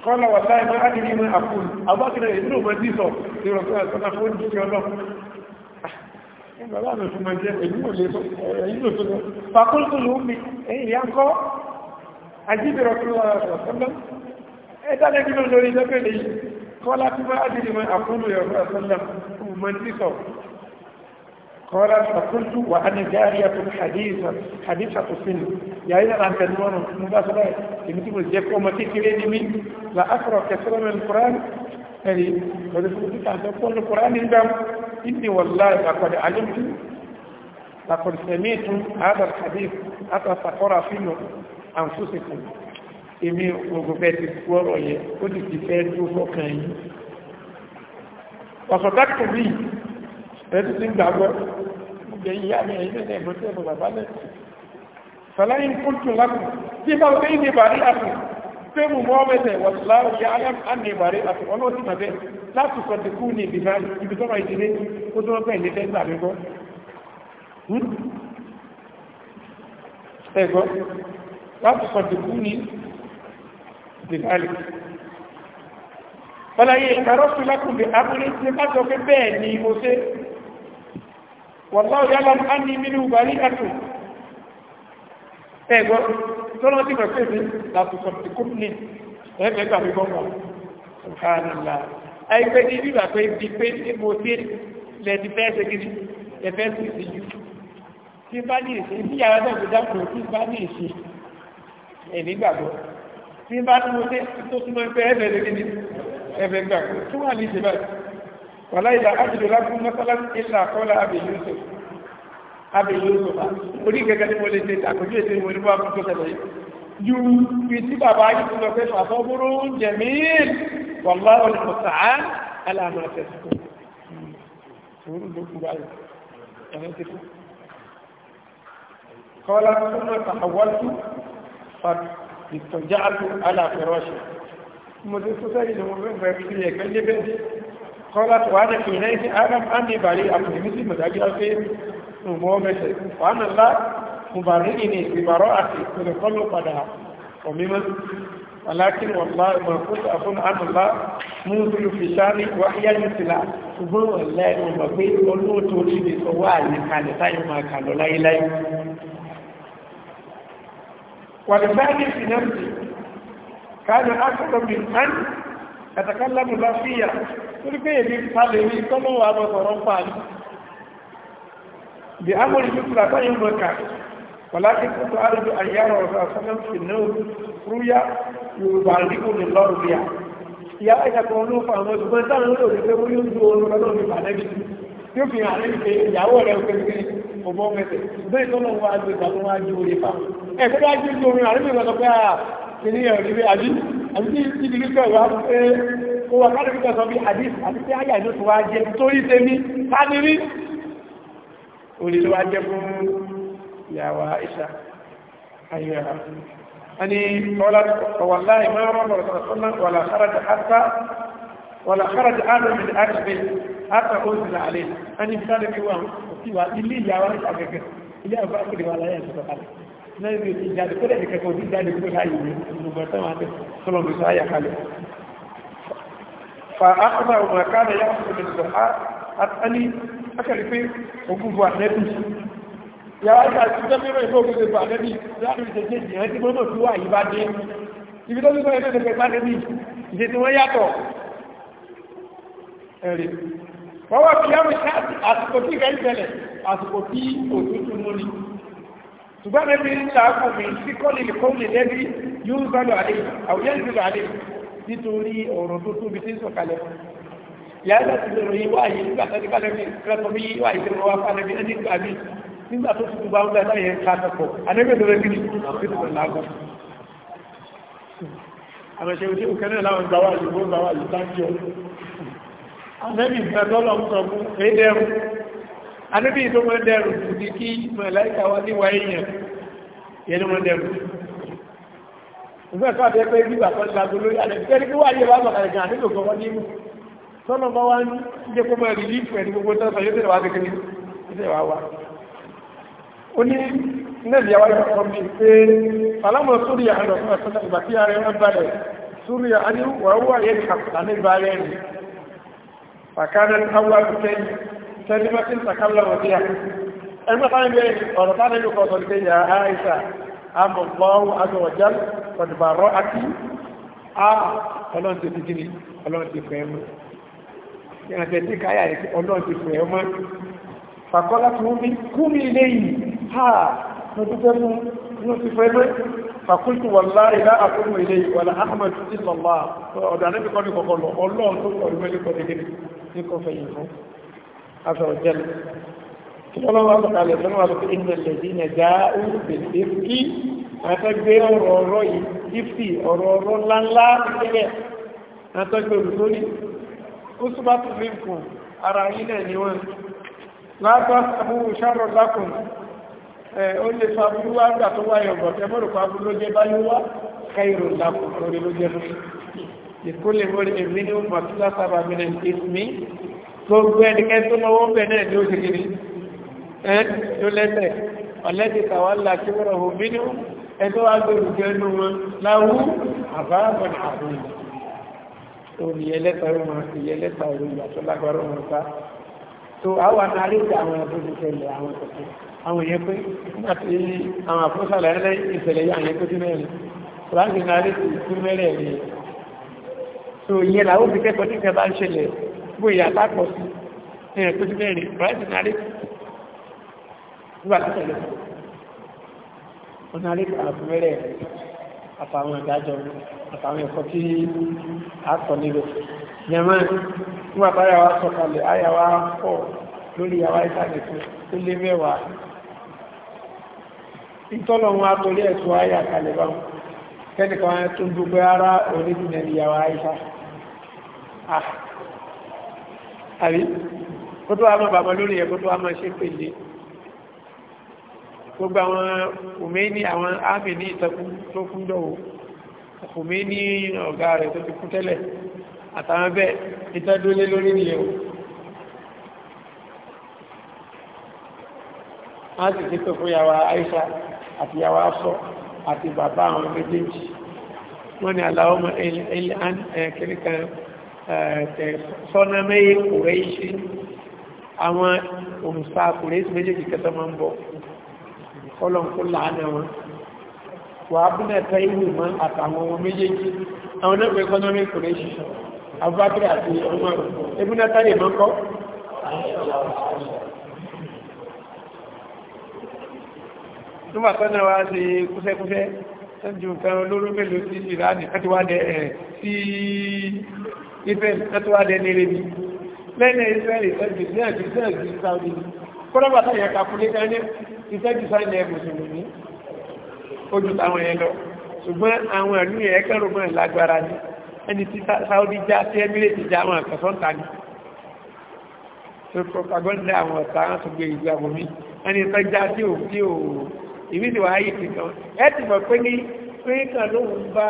kọ́lá wà láì máa ní ìmọ̀ àkùn àbákìrẹ̀ ìdúró mọ́ sí sọ sí rọ̀fúrù àtàkùnmá fún ìdíkẹ́ ọlọ́ bàbá ah, mi fún ma jẹ́ ẹ̀dálẹ́ bí lórí lọ́pẹ̀lẹ̀ yìí kọ́lá tí máa dìdì mọ́ àkúlù ẹ̀rọ àṣọ́lá mọ́tíkọ̀ kọ́lá àkúlù wà á ní gáàrí àkúlù hadisa tó sínú yàrí náà tẹ̀lé wọn mú bá sọ́lá èmi tí mo jẹ́ kọ́ ọmọ kékeré ní mi là áfọ̀rọ̀ kẹsọ́rọ̀ mẹ́rin kuran ẹ̀rí lọ́dún fún títà tó kọ́ ní kuran ní gbàm ìdí wàllá àkọ́dẹ̀ alimtu èmi gbogbo fẹ́ ti kú ọ̀rọ̀ yẹ ó ti ti fẹ́ dúró fọ́kàn yìí ọ̀sọ̀ dákì rí ẹ̀tù tí ń gbàgbọ́ ọgbẹ̀ ìyá mi ẹ̀yìn lẹ́nà ẹ̀bọ̀ tí ẹ̀bọ̀ bàbá lẹ́ fàlàyé kúntù lápù tí bá wọ́n ní ìbàrí àpù pé mú mọ́ mẹ́tẹ̀ wàsùláwù yá alam á ní ìbàrí àpù ọlọ́sì màbẹ́ láti sọ ti kú ní ìbìbá bìbálì fọláyé ìkàrọ́sù lákùnbí abúlé ti má sọ pé bẹ́ẹ̀ ni mo ṣe wọ̀láwọ̀ yálà á ní mílí ìbálí àtò ẹgbọ́ tó lọ́tí pẹ̀ pé mi láti sọ ti kúrú ní ẹgbẹ́ gbà mí gbọ́mọ̀ ṣùgbọ́nàlá àìpẹ́ ní bíbà pé bí pé mo ṣe lẹ́ti fẹ́ ṣe kiri ẹ̀fẹ́ sì sí ju tí bá ní ìṣe bí yàrá náà ti dákùn tí tí bá tí mo dé tó túnmọ̀ pé ẹ̀fẹ̀ lè gidi ẹ̀fẹ̀ gbà tó wà ní ìjìbá wàlá ìlà ájìdò lágún mọ́sálásí ìlà kọ́lá abè Yusuf abè Yusuf orí gẹ́gẹ́ tí mo lè ṣe àkójú ètò ìwọ̀n ìlú àbúrò tó ṣẹlẹ̀ ju fi ìtọ̀já àtò aláfẹ́rọ́ṣẹ̀ mo ti tó sẹ́yìn mo fẹ́ fẹ́ fi ẹ̀kẹ́ níbẹ̀ kọ́lá tó wájẹ́ kì í rẹ́ sí adam andy bari àpòyìmí sí mọ̀dájú afẹ́ mọ̀ mẹ́sẹ̀ wàhánà ńlá mo bà ìní ìbàrọ̀ àti ìpínlẹ̀ kọ́lù padà ọ̀mímọ́ ولكن والله ما كنت أظن الله منذ الفشار وحيا مثلا ṣùgbọ́n ọ̀lẹ́ ìwọ̀n pé olóòtú orí mi sọ wà ní kalẹ̀ táyọ̀ máa والباقي في نفسي كان أكثر من أن أتكلم لا فيها تلقي لي قالي كلوا أبو طرفان بأمر مثل طيب مكة ولكن كنت أرجو أن يرى رسول الله صلى في النوم رؤيا يبالغني الله بها يا أيها القوم فأموت من سنة يقول لك يقول لك يقول لك يقول لك يقول لك يقول لك ọmọ mẹ́fẹ̀ bẹ́ẹ̀ tó lọ́wọ́ wájú ìgbà tó wájú orí fa ẹ̀kọ́ tó wájú orí àríwá ìgbà tó pé à kìíní ẹ̀rọ ìwé àdí àti tí ti di wípé wá pé ó wà káàdì wípé sọ bí àdí àti tí àyà ìlú tó wá jẹ torí tèmi kánírí òní ló wá jẹ fún ìyàwó Aisha ayé ani ọlá ọwàlá ìmọ̀ ọ̀rọ̀ ọ̀rọ̀ sọ̀rọ̀ sọ́nà wàlà sára wọ́n lọ́kọ́rọ̀ jù áàrùn mi àrùbẹ̀ àtà oúnjẹ àlẹ́ ẹni sáré kí wọ́n ti wà ilé ìyàwó àgẹ́gẹ́ ilé àwọn bákìrì wà láyé ẹ̀sọ́ kalẹ̀ lẹ́yìn bí ti jáde kó lẹ́yìn kẹ́kọ̀ọ́ bí jáde kó láyé mi gbogbo ẹ̀tọ́ máa bẹ̀ sọlọ mi sọ ayà kalẹ̀ fa akọ́nà ọmọ kánà yà wọ́n ti sọ àtàní akẹ́lẹ́ pé ogun bu ànẹ́bí yàrá ìgbà tí ó tẹ́lẹ̀ ìfẹ́ ogun bu ànẹ́bí láti fi tẹ̀sí ìyẹn tí gbọ́dọ̀ tí wà yìí bá dé ibi tó ti sọ ẹgbẹ́ tẹ̀sẹ̀ bá dé bí ìṣètò wọn yàtọ̀ ẹ̀rẹ̀ wọ́wọ́ kìíyàmù sáàtì àsìkò tí ìgbà ìbẹ̀lẹ̀ àsìkò tí òtútù mú ni ṣùgbọ́n ẹbí ń ta kò mí sí kọ́lì kọ́lì lẹ́bí yóò gbọ́dọ̀ àlè àwùjẹ́ ìgbìlọ̀ àlè nítorí ọ̀rọ̀ tó tóbi tí ń sọ̀kalẹ̀ yàrá ti lè ròyìn wáyé nígbà tẹ́lẹ̀ bá lẹ́bí rẹ́pọ̀ bí wáyé tẹ́lẹ̀ wá fà lẹ́bí ẹni gbà mí nígbà tó tutù bá ń gbà náà yẹn ká sọ̀kọ̀ anẹ́gbẹ̀dọ̀rẹ́ bí ni ìtùwọ̀n lágọ̀ àwọn ìṣẹ̀wò tí ó kẹ́rẹ́ láwọn gbà wà lù ànábì ìgbàdọ́lọ̀ ń sọ fún ẹ̀dẹ́rù ànábì ìdọ́mọ̀ dẹ̀rù ní kí màláìkà wá níwá èèyàn yẹnumọ̀ dẹ̀rù ìgbà tó àti ẹgbẹ́ bíbà kan lágbo lórí àdẹ̀kẹ́ni kí wà yẹ wá bàtà ìgbà àti ìgbà wọn nínú tọ́nà bá wá ń jẹ́ kó mọ̀ rìlífù ẹni gbogbo tọ́sọ yóò tẹ̀lé wá ti kiri tẹ̀lé wá wá ó ní nílẹ̀ ìyàwó yóò sọ mi pé alámọ̀ sórí àrùn ọ̀sán ìgbà tí ara ẹ̀ ń balẹ̀ sórí àánú wàá wà yẹn kàkùtà ní ìbára ẹ̀ فكانت أول كلمة تكلم بها المقام أرطان يقول لك يا عائشة أم الله عز وجل قد برأك آه ọlọ́run ti fi gíní ọlọ́run ti fẹ́ mọ́ ìrìnàjò tí káyà rẹ̀ tí ọlọ́run ti fẹ́ mọ́ fàkọ́lá tí wọ́n bí kúmi ilé yìí ha mo dúpẹ́ fún inú ti fẹ́ mọ́ fàkúntù wà láàrin lá àkúrò ilé yìí wà láàmà tí lọ́lá ọ̀dọ̀ àdébìkọ́ ní kọ̀kọ́ lọ ọlọ́run tó kọ̀ ذكر فإنه عز وجل كما الله تعالى يقول إن الذين جاءوا بالإفك أتكبر أوروي إفتي أورورو لانلا كده أتكبر بسولي أصبت منكم أرأينا نيوان لا تصبوا شر لكم ó lè fa burú wá gbà tó wáyọ̀ bọ̀ tẹ́mọ̀rù pa burú ló jẹ́ báyọ̀ wá kẹ́ ìrò lápò lórí ló jẹ́ lórí ìkólè mọ́rí èmi ní òun màtúlá sábà mi náà ti mi gbogbo ẹnikẹ́ni tó lọ́wọ́ bẹ̀ náà ni ó ti kiri ẹ́ ló lẹ́sẹ̀ ọ̀lẹ́sẹ̀ tàwálà kí wọ́n rọ̀ mí ní ẹjọ́ wá gbé olùgbé ẹnu wọn láwú àbáàbọ̀n àbúrò tó ní ẹlẹ́ta ìwọ̀n àti ẹlẹ́ta ìwọ̀n ìyàtọ̀ lágbára wọn ká tó àwọn anáríkì àwọn abúlé tẹ̀lé àwọn kọ̀kọ́ àwọn èèyàn pé àti àwọn àfọ́sàlẹ̀ ẹlẹ́ ìṣẹ̀lẹ̀ yà so ìyẹn làwọn òbí kẹ́kọ̀ọ́ tí ìjọba ń ṣẹlẹ̀ gbogbo ìyá bá pọ̀ sí ẹ̀yìn tó ti mẹ́rin bryce nari nígbà tó tẹ̀lé wọn nari àbúrẹ́rẹ́ àtàwọn ìdájọ́ àtàwọn ẹ̀kọ́ tí a sọ nílò yẹmọ́ nígbà bá yà wá sọ kalẹ̀ àyà wá pọ̀ lórí yàwá ìsàlẹ̀ tó lé mẹ́wàá ìtọ́lọ̀ wọn atorí ẹ̀tọ́ àyà kalẹ̀ báwọn kẹ́nìkan tó dúpẹ́ ara onídìí nẹ́ni yàwá ìsàlẹ̀ Ah. àbí kó tó wá mọ́ bàbá lórí ẹ̀ kó tó wá mọ́ ṣe pèlè gbogbo àwọn òmìnì àwọn àmì ní ìtẹ́kùn tó kún dọ̀wọ́ òmìnì ọ̀gá rẹ̀ tó ti kú tẹ́lẹ̀ àtàwọn bẹ́ẹ̀ ìtẹ́dólé lórí nìyẹn o wọ́n sì ti pè fún yàwó Aisha àti yàwó Afsọ àti bàbá àwọn méjèèjì wọ́n ni aláwọ̀ ẹ̀kẹ́ríkan sọ́nàmẹ́yẹ kùrẹ́ṣì àwọn òmùsà kùrẹ́ṣì méjèèjì kẹta máa ń bọ̀ kọ́lọ̀kú láàánà wọn wà ábúnà tẹ́yìnì mọ́ àtàwọn ọmọ méjèèjì àwọn náà pẹ̀kọ́ náà mẹ́kù rẹ̀ ṣe abúbákìrì àti ọmọ rẹ̀ ebúnà tẹ́yìnì mọ́ kọ́ túnbàtọ́nà wá sí kúfẹ́kúfẹ́ tẹ́jú nǹkan olóró mélòó sí ìránì àti wá dẹ̀ sí ibẹ̀ tó wá dẹni rẹbi lẹ́nà israẹli ìtẹ́jú náà ti sẹ́ẹ̀ ju saudi kọ́lọ́gbà tó yẹ kàkúlé kan ní ìtẹ́jú sáyẹn mùsùlùmí ojú táwọn yẹn lọ ṣùgbọ́n àwọn ìlú yẹn kẹ́rù mọ́ ìlágbára ni ẹni tí saudi já sí emirate já àwọn àkàsọ́ǹtà ni tó propaganda àwọn ọ̀tá wọn tó gbé ìgbà wọn mi ẹni tó já sí òkú ìwé ìwà ayé ti kan ẹ ti mọ̀ pé ní pé kan lóun bá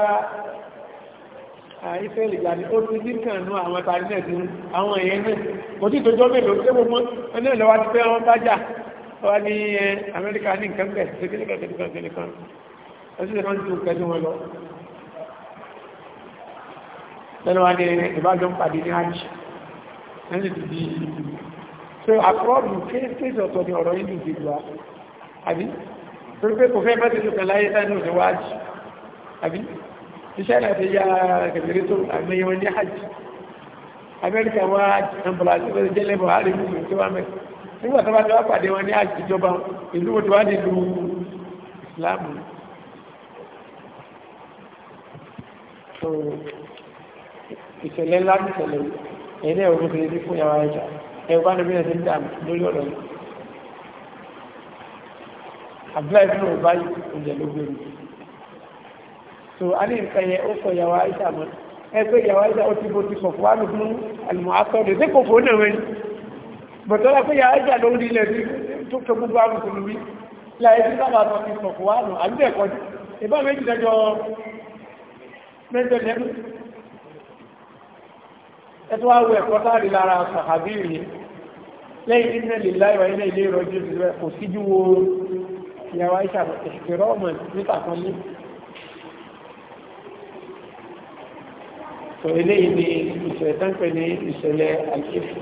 ìfẹ́ ìgbà ni ó ti dínkàn nú àwọn tàbí náà ti àwọn èèyàn náà mo ti tójọ́ mélòó tó gbogbo ẹni ìlọ́wà ti fẹ́ wọn bá jà wọ́n ní Amẹ́ríkà ní nǹkan bẹ̀ tó kí nìkan kẹ́kẹ́ kẹ́kẹ́ kan ẹ̀sì lè máa ń tún kẹ́jú wọn lọ. lẹ́nu wa ní ìbájọ́ ń pàdé ní hajj ẹni ti di so àkọọ́dù kéékèèjì ọ̀tọ̀ ni ọ̀rọ̀ yìí ti gbà àbí torí iṣẹ́ náà ti ya kẹfẹ́rẹ́ tó àmì wọn ní hajj amẹ́ríkà wọn hajj nàmbọ̀lá àti jẹ́lẹ̀ buhari nínú tó wà mẹ́rin nígbà tó bá ti wá pàdé wọn ní hajj ìjọba ìlú wo ti wá nílu ìsìláàmù so ìṣẹ̀lẹ̀ ńlá ní ìṣẹ̀lẹ̀ ẹ̀yìn náà ogun fèrè fún yàrá ẹ̀ṣà ẹ̀wọ́n ní bíyẹn ti ń dààmú lórí ọ̀rọ̀ yìí so a ní nǹkan yẹn ó sọ ìyàwó àìsà mọ́ ẹgbẹ́ ìyàwó àìsà ó ti bo ti sọ̀fọ́ wà ló fún àlùmọ́ àtọ́dọ̀ sí kò fún náà wẹ́n bọ̀tọ́lá pé ìyàwó àìsà ló ń di ilẹ̀ tó tó gbogbo àwọn mùsùlùmí láyé tí sábà sọ ti sọ̀fọ́ wà lọ àbí bẹ́ẹ̀ kọ́ ìbá méjì lẹ́jọ́ mẹ́jọ lẹ́nu ẹtọ́ wá ẹ̀kọ́ sáàrí lára sàhàbí lẹ́yìn iná lè láìwá iná ilé ìrọ̀jú ìrẹ́ kò síjú wo ìyàwó àìsà ìrọ̀ ọmọ nípa tó eléyìí ni ìṣẹ̀lẹ̀ tó ń pè ní ìṣẹ̀lẹ̀ àìsífù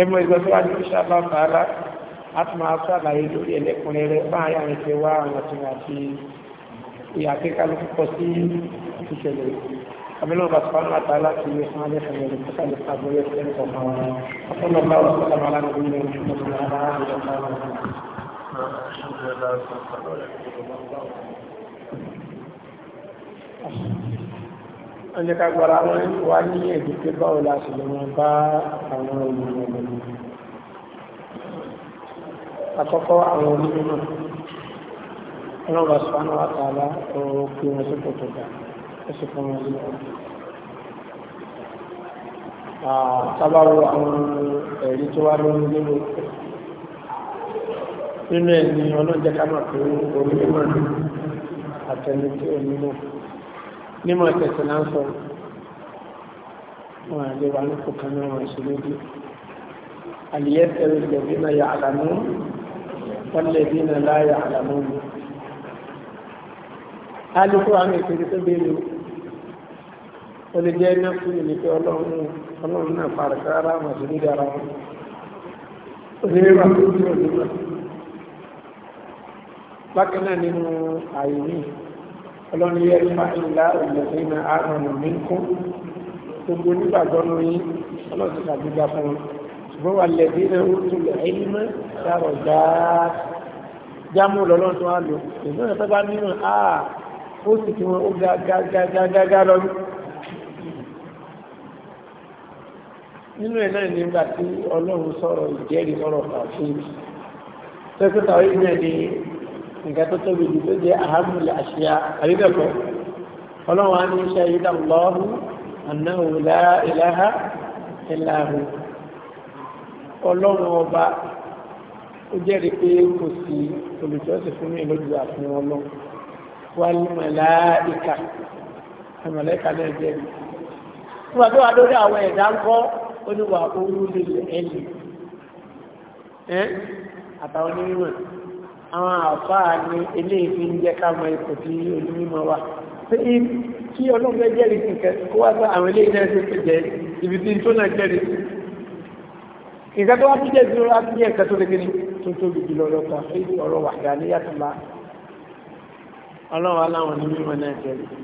ẹmọ ìgbọ́síwájú ìṣàlá fàálà láti máa sọ àlàyé lórí ẹlẹ́kùnrin rẹ bá àyà rẹ ti wá àwọn tí wọ́n ti ìyà kíkálukú pọ̀ sí ìṣẹ̀lẹ̀ قبل ما سبحانه وتعالى في مصالح المتصل wọ́n jẹ́ ká gbọ́ra wọn wá ní èdè pé báwo la sì lè wọn bá àwọn olùrànlọ́wọ́ àkọ́kọ́ àwọn onímọ̀ ọlọ́wà sọ́nà àtàlá òkú wọn sí kò tó dá ẹsẹ̀ fún wọn sí wọn. sábàwọ àwọn ẹ̀rí tó wá lórí nínú nínú ẹ̀ ní ọlọ́jẹ́ ká mọ̀ pé onímọ̀ àtẹnudẹ́ onímọ̀ nímọ̀ ẹ̀kẹ́sẹ̀ náà sọ wọn àlè wà ní kò kan náà wọn ṣe lójú àlìyé tẹ̀lé lẹ́bí náà yà àlàmú wọn lẹ́bí náà láyà àlàmú mi. alùpùpù àwọn ìpèsè tó béèrè ó lè jẹ́ iná fún ìlú pé ọlọ́run ọlọ́run náà parí rárá wọn ṣe lójú ara wọn. ó lè rí wà lójú bákan náà nínú àyè ọlọ́ni yẹ ní máa ń la ìlẹ̀kùn iná àrùn mi ń kún gbogbo nígbàgbọ́ ní yín ọlọ́run ti ṣàgbéga fún wọn ṣùgbọ́n wà lẹ́bí náà ó tún lẹ̀ ẹ́ nímọ̀ dárọ̀ dáa jámù lọ́lọ́run tó wà lò èmi náà sábà nínú à ó sì fi wọn ó ga ga ga ga ga lọ nínú ẹ̀ náà nígbà tí ọlọ́run sọ̀rọ̀ ìjẹ́rìí sọ̀rọ̀ kàfíìn tẹ́sítà orí náà ni nǹkan tó tóbi jù tó jẹ́ ahamul àṣìyá àríbẹ̀kọ́ ọlọ́run á ní iṣẹ́ yìí dá lọ́hù annahu la ilaha illa hu ọlọ́run ọba ó jẹ́rìí pé kò sí olùjọ́sìn fún mi lójú àfihàn ọlọ́run wal màláìka àmàlẹ́ka náà jẹ́rìí nígbà tó wà lórí àwọn ẹ̀dá ń kọ́ ó ní wà ó rú lílẹ̀ ẹ̀yìn àtàwọn onímọ̀ àwọn àfáà ní eléèfí ń jẹ́ ká mọ ipò tí olúmímọ̀ wà kí ọlọ́gbẹ́ jẹ́rìí sí nǹkan kó wá sá àwọn ilé iná ẹ̀sẹ̀ jẹ́ ibi tí tó náà jẹ́rìí sí nǹkan tó wá tún jẹ́ ìdúró láti jẹ́ nǹkan tó lè gbé tó tóbi jùlọ lọ́pàá fún ọ̀rọ̀ wàdà ní yàtọ̀ lá ọlọ́run aláwọn ní mímọ́ náà jẹ́rìí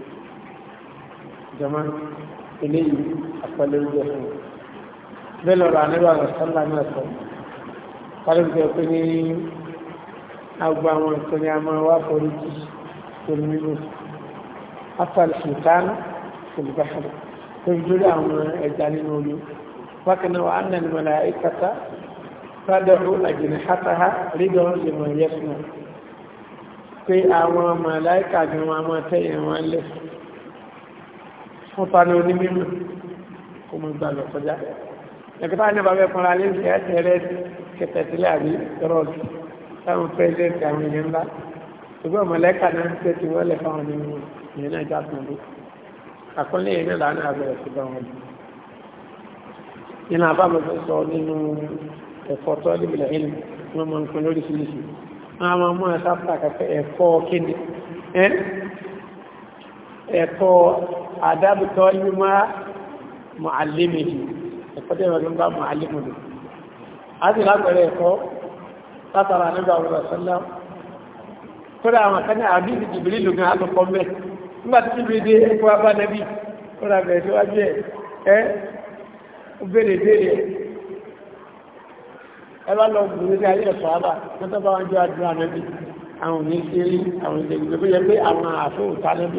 jọmọ́ eléyìí àpẹẹlẹ oúnjẹ fún un bẹ́ẹ̀ lọ́rọ̀ agbo àwọn nǹkan ni a máa wá forí jì pẹ̀lú mímú afalifutana pẹ̀lú báyìí pẹ̀lú lórí àwọn ẹja nínú olú bákan náà wàá nà ní malaikata fádàrú àjìnà hátáhá rídọ̀ lè mọ̀ yẹ́sùn pé àwọn màláìkà ni wọn máa tẹ́yìn wọn lẹ̀ fún tani onímọ̀ kó mọ̀ gbà lọ kọjá ẹ̀kọ́tà ní bàbá ẹ̀kọ́ra lè fi ẹ̀tẹ̀rẹ̀ kẹtẹ̀tẹ̀lẹ̀ àbí rọ́ọ̀lù táwọn pẹ́sidẹ́ntì àwọn èèyàn ńlá ṣùgbọ́n mọ̀lẹ́kà náà ń tẹ́tí wọ́lẹ̀ fáwọn nínú ìyẹn náà já tún ló àkọlé yẹn náà lánàá bẹ̀rẹ̀ sí bá wọn lò nínú abámọ̀fẹ́ sọ nínú ẹ̀kọ́ tó níbilẹ̀ ìlú wọn mọ̀ nǹkan lóríṣiríṣi wọn a máa mú ẹ̀ sáfà kẹfẹ́ ẹ̀kọ́ kíni ẹ̀kọ́ àdábùtọ́ yúmọ́ mọ̀ àlémèjì ẹ̀kọ́ tẹ́lẹ̀ látara nígbà àwọn ọ̀sánlá kódà àwọn kan ní àbíbi jìbìrì lù gan alùpọ̀ mẹ́ nígbà tí jìbìrì dé ẹkọ abá nẹ́bí kódà bẹ̀rẹ̀ síwájú ẹ̀ ẹ́ ó béèrè béèrè ẹ bá lọ gbòòrò sí ayé ẹ̀sọ́ àbá tó tọ́ bá wọn jọ àdúrà nẹ́bí àwọn òní ṣe rí àwọn ìdẹ̀gbẹ̀ tó yẹ pé àwọn àfóòtá nẹ́bí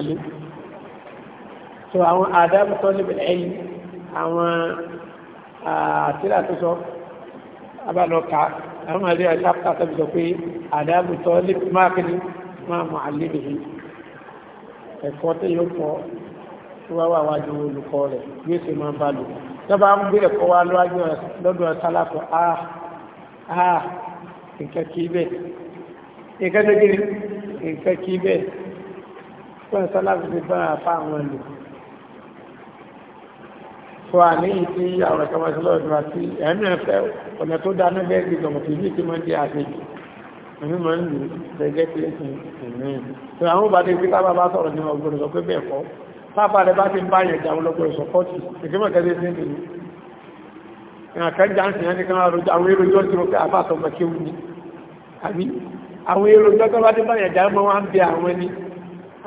àjẹ àwọn àdábùtọ́ níbi ẹ̀yìn àwọn àtìlá tó sọ abálọ́ka àwọn àrí àìlápá tàbí sọ pé àdábùtọ́ lípmákìlì máa mọ̀ àlébìí ẹ̀kọ́ tí yóò kọ́ tó wá wà wájú olùkọ́ rẹ̀ yóò sì máa bá lò tọ́ba ń gbé ẹ̀kọ́ wá lọ́wájú lọ́dọ̀ sálàtọ̀ sọ àníyí tí àwọn ẹ̀ka máa ṣe lọ́wọ́ ìdúrà sí ẹ̀mí ẹ̀fẹ́ ọ̀nà tó dáná bẹ́ẹ̀ di gbọ̀mọ̀ kì í bí kí máa jẹ́ àṣejù èmi máa ń lù gẹ́gẹ́ pé ìmí sọ àwọn òbáde tí bá bá sọ̀rọ̀ ní ọgbọ́n sọ pé bẹ́ẹ̀ kọ́ pápá rẹ bá ti ń bá yẹn jà ọlọ́gbọ́n sọ pọ́ọ̀tì ìgbìmọ̀ kẹ́lẹ́ sí ìlú ìrànkẹ́jà ń sìn ẹni kan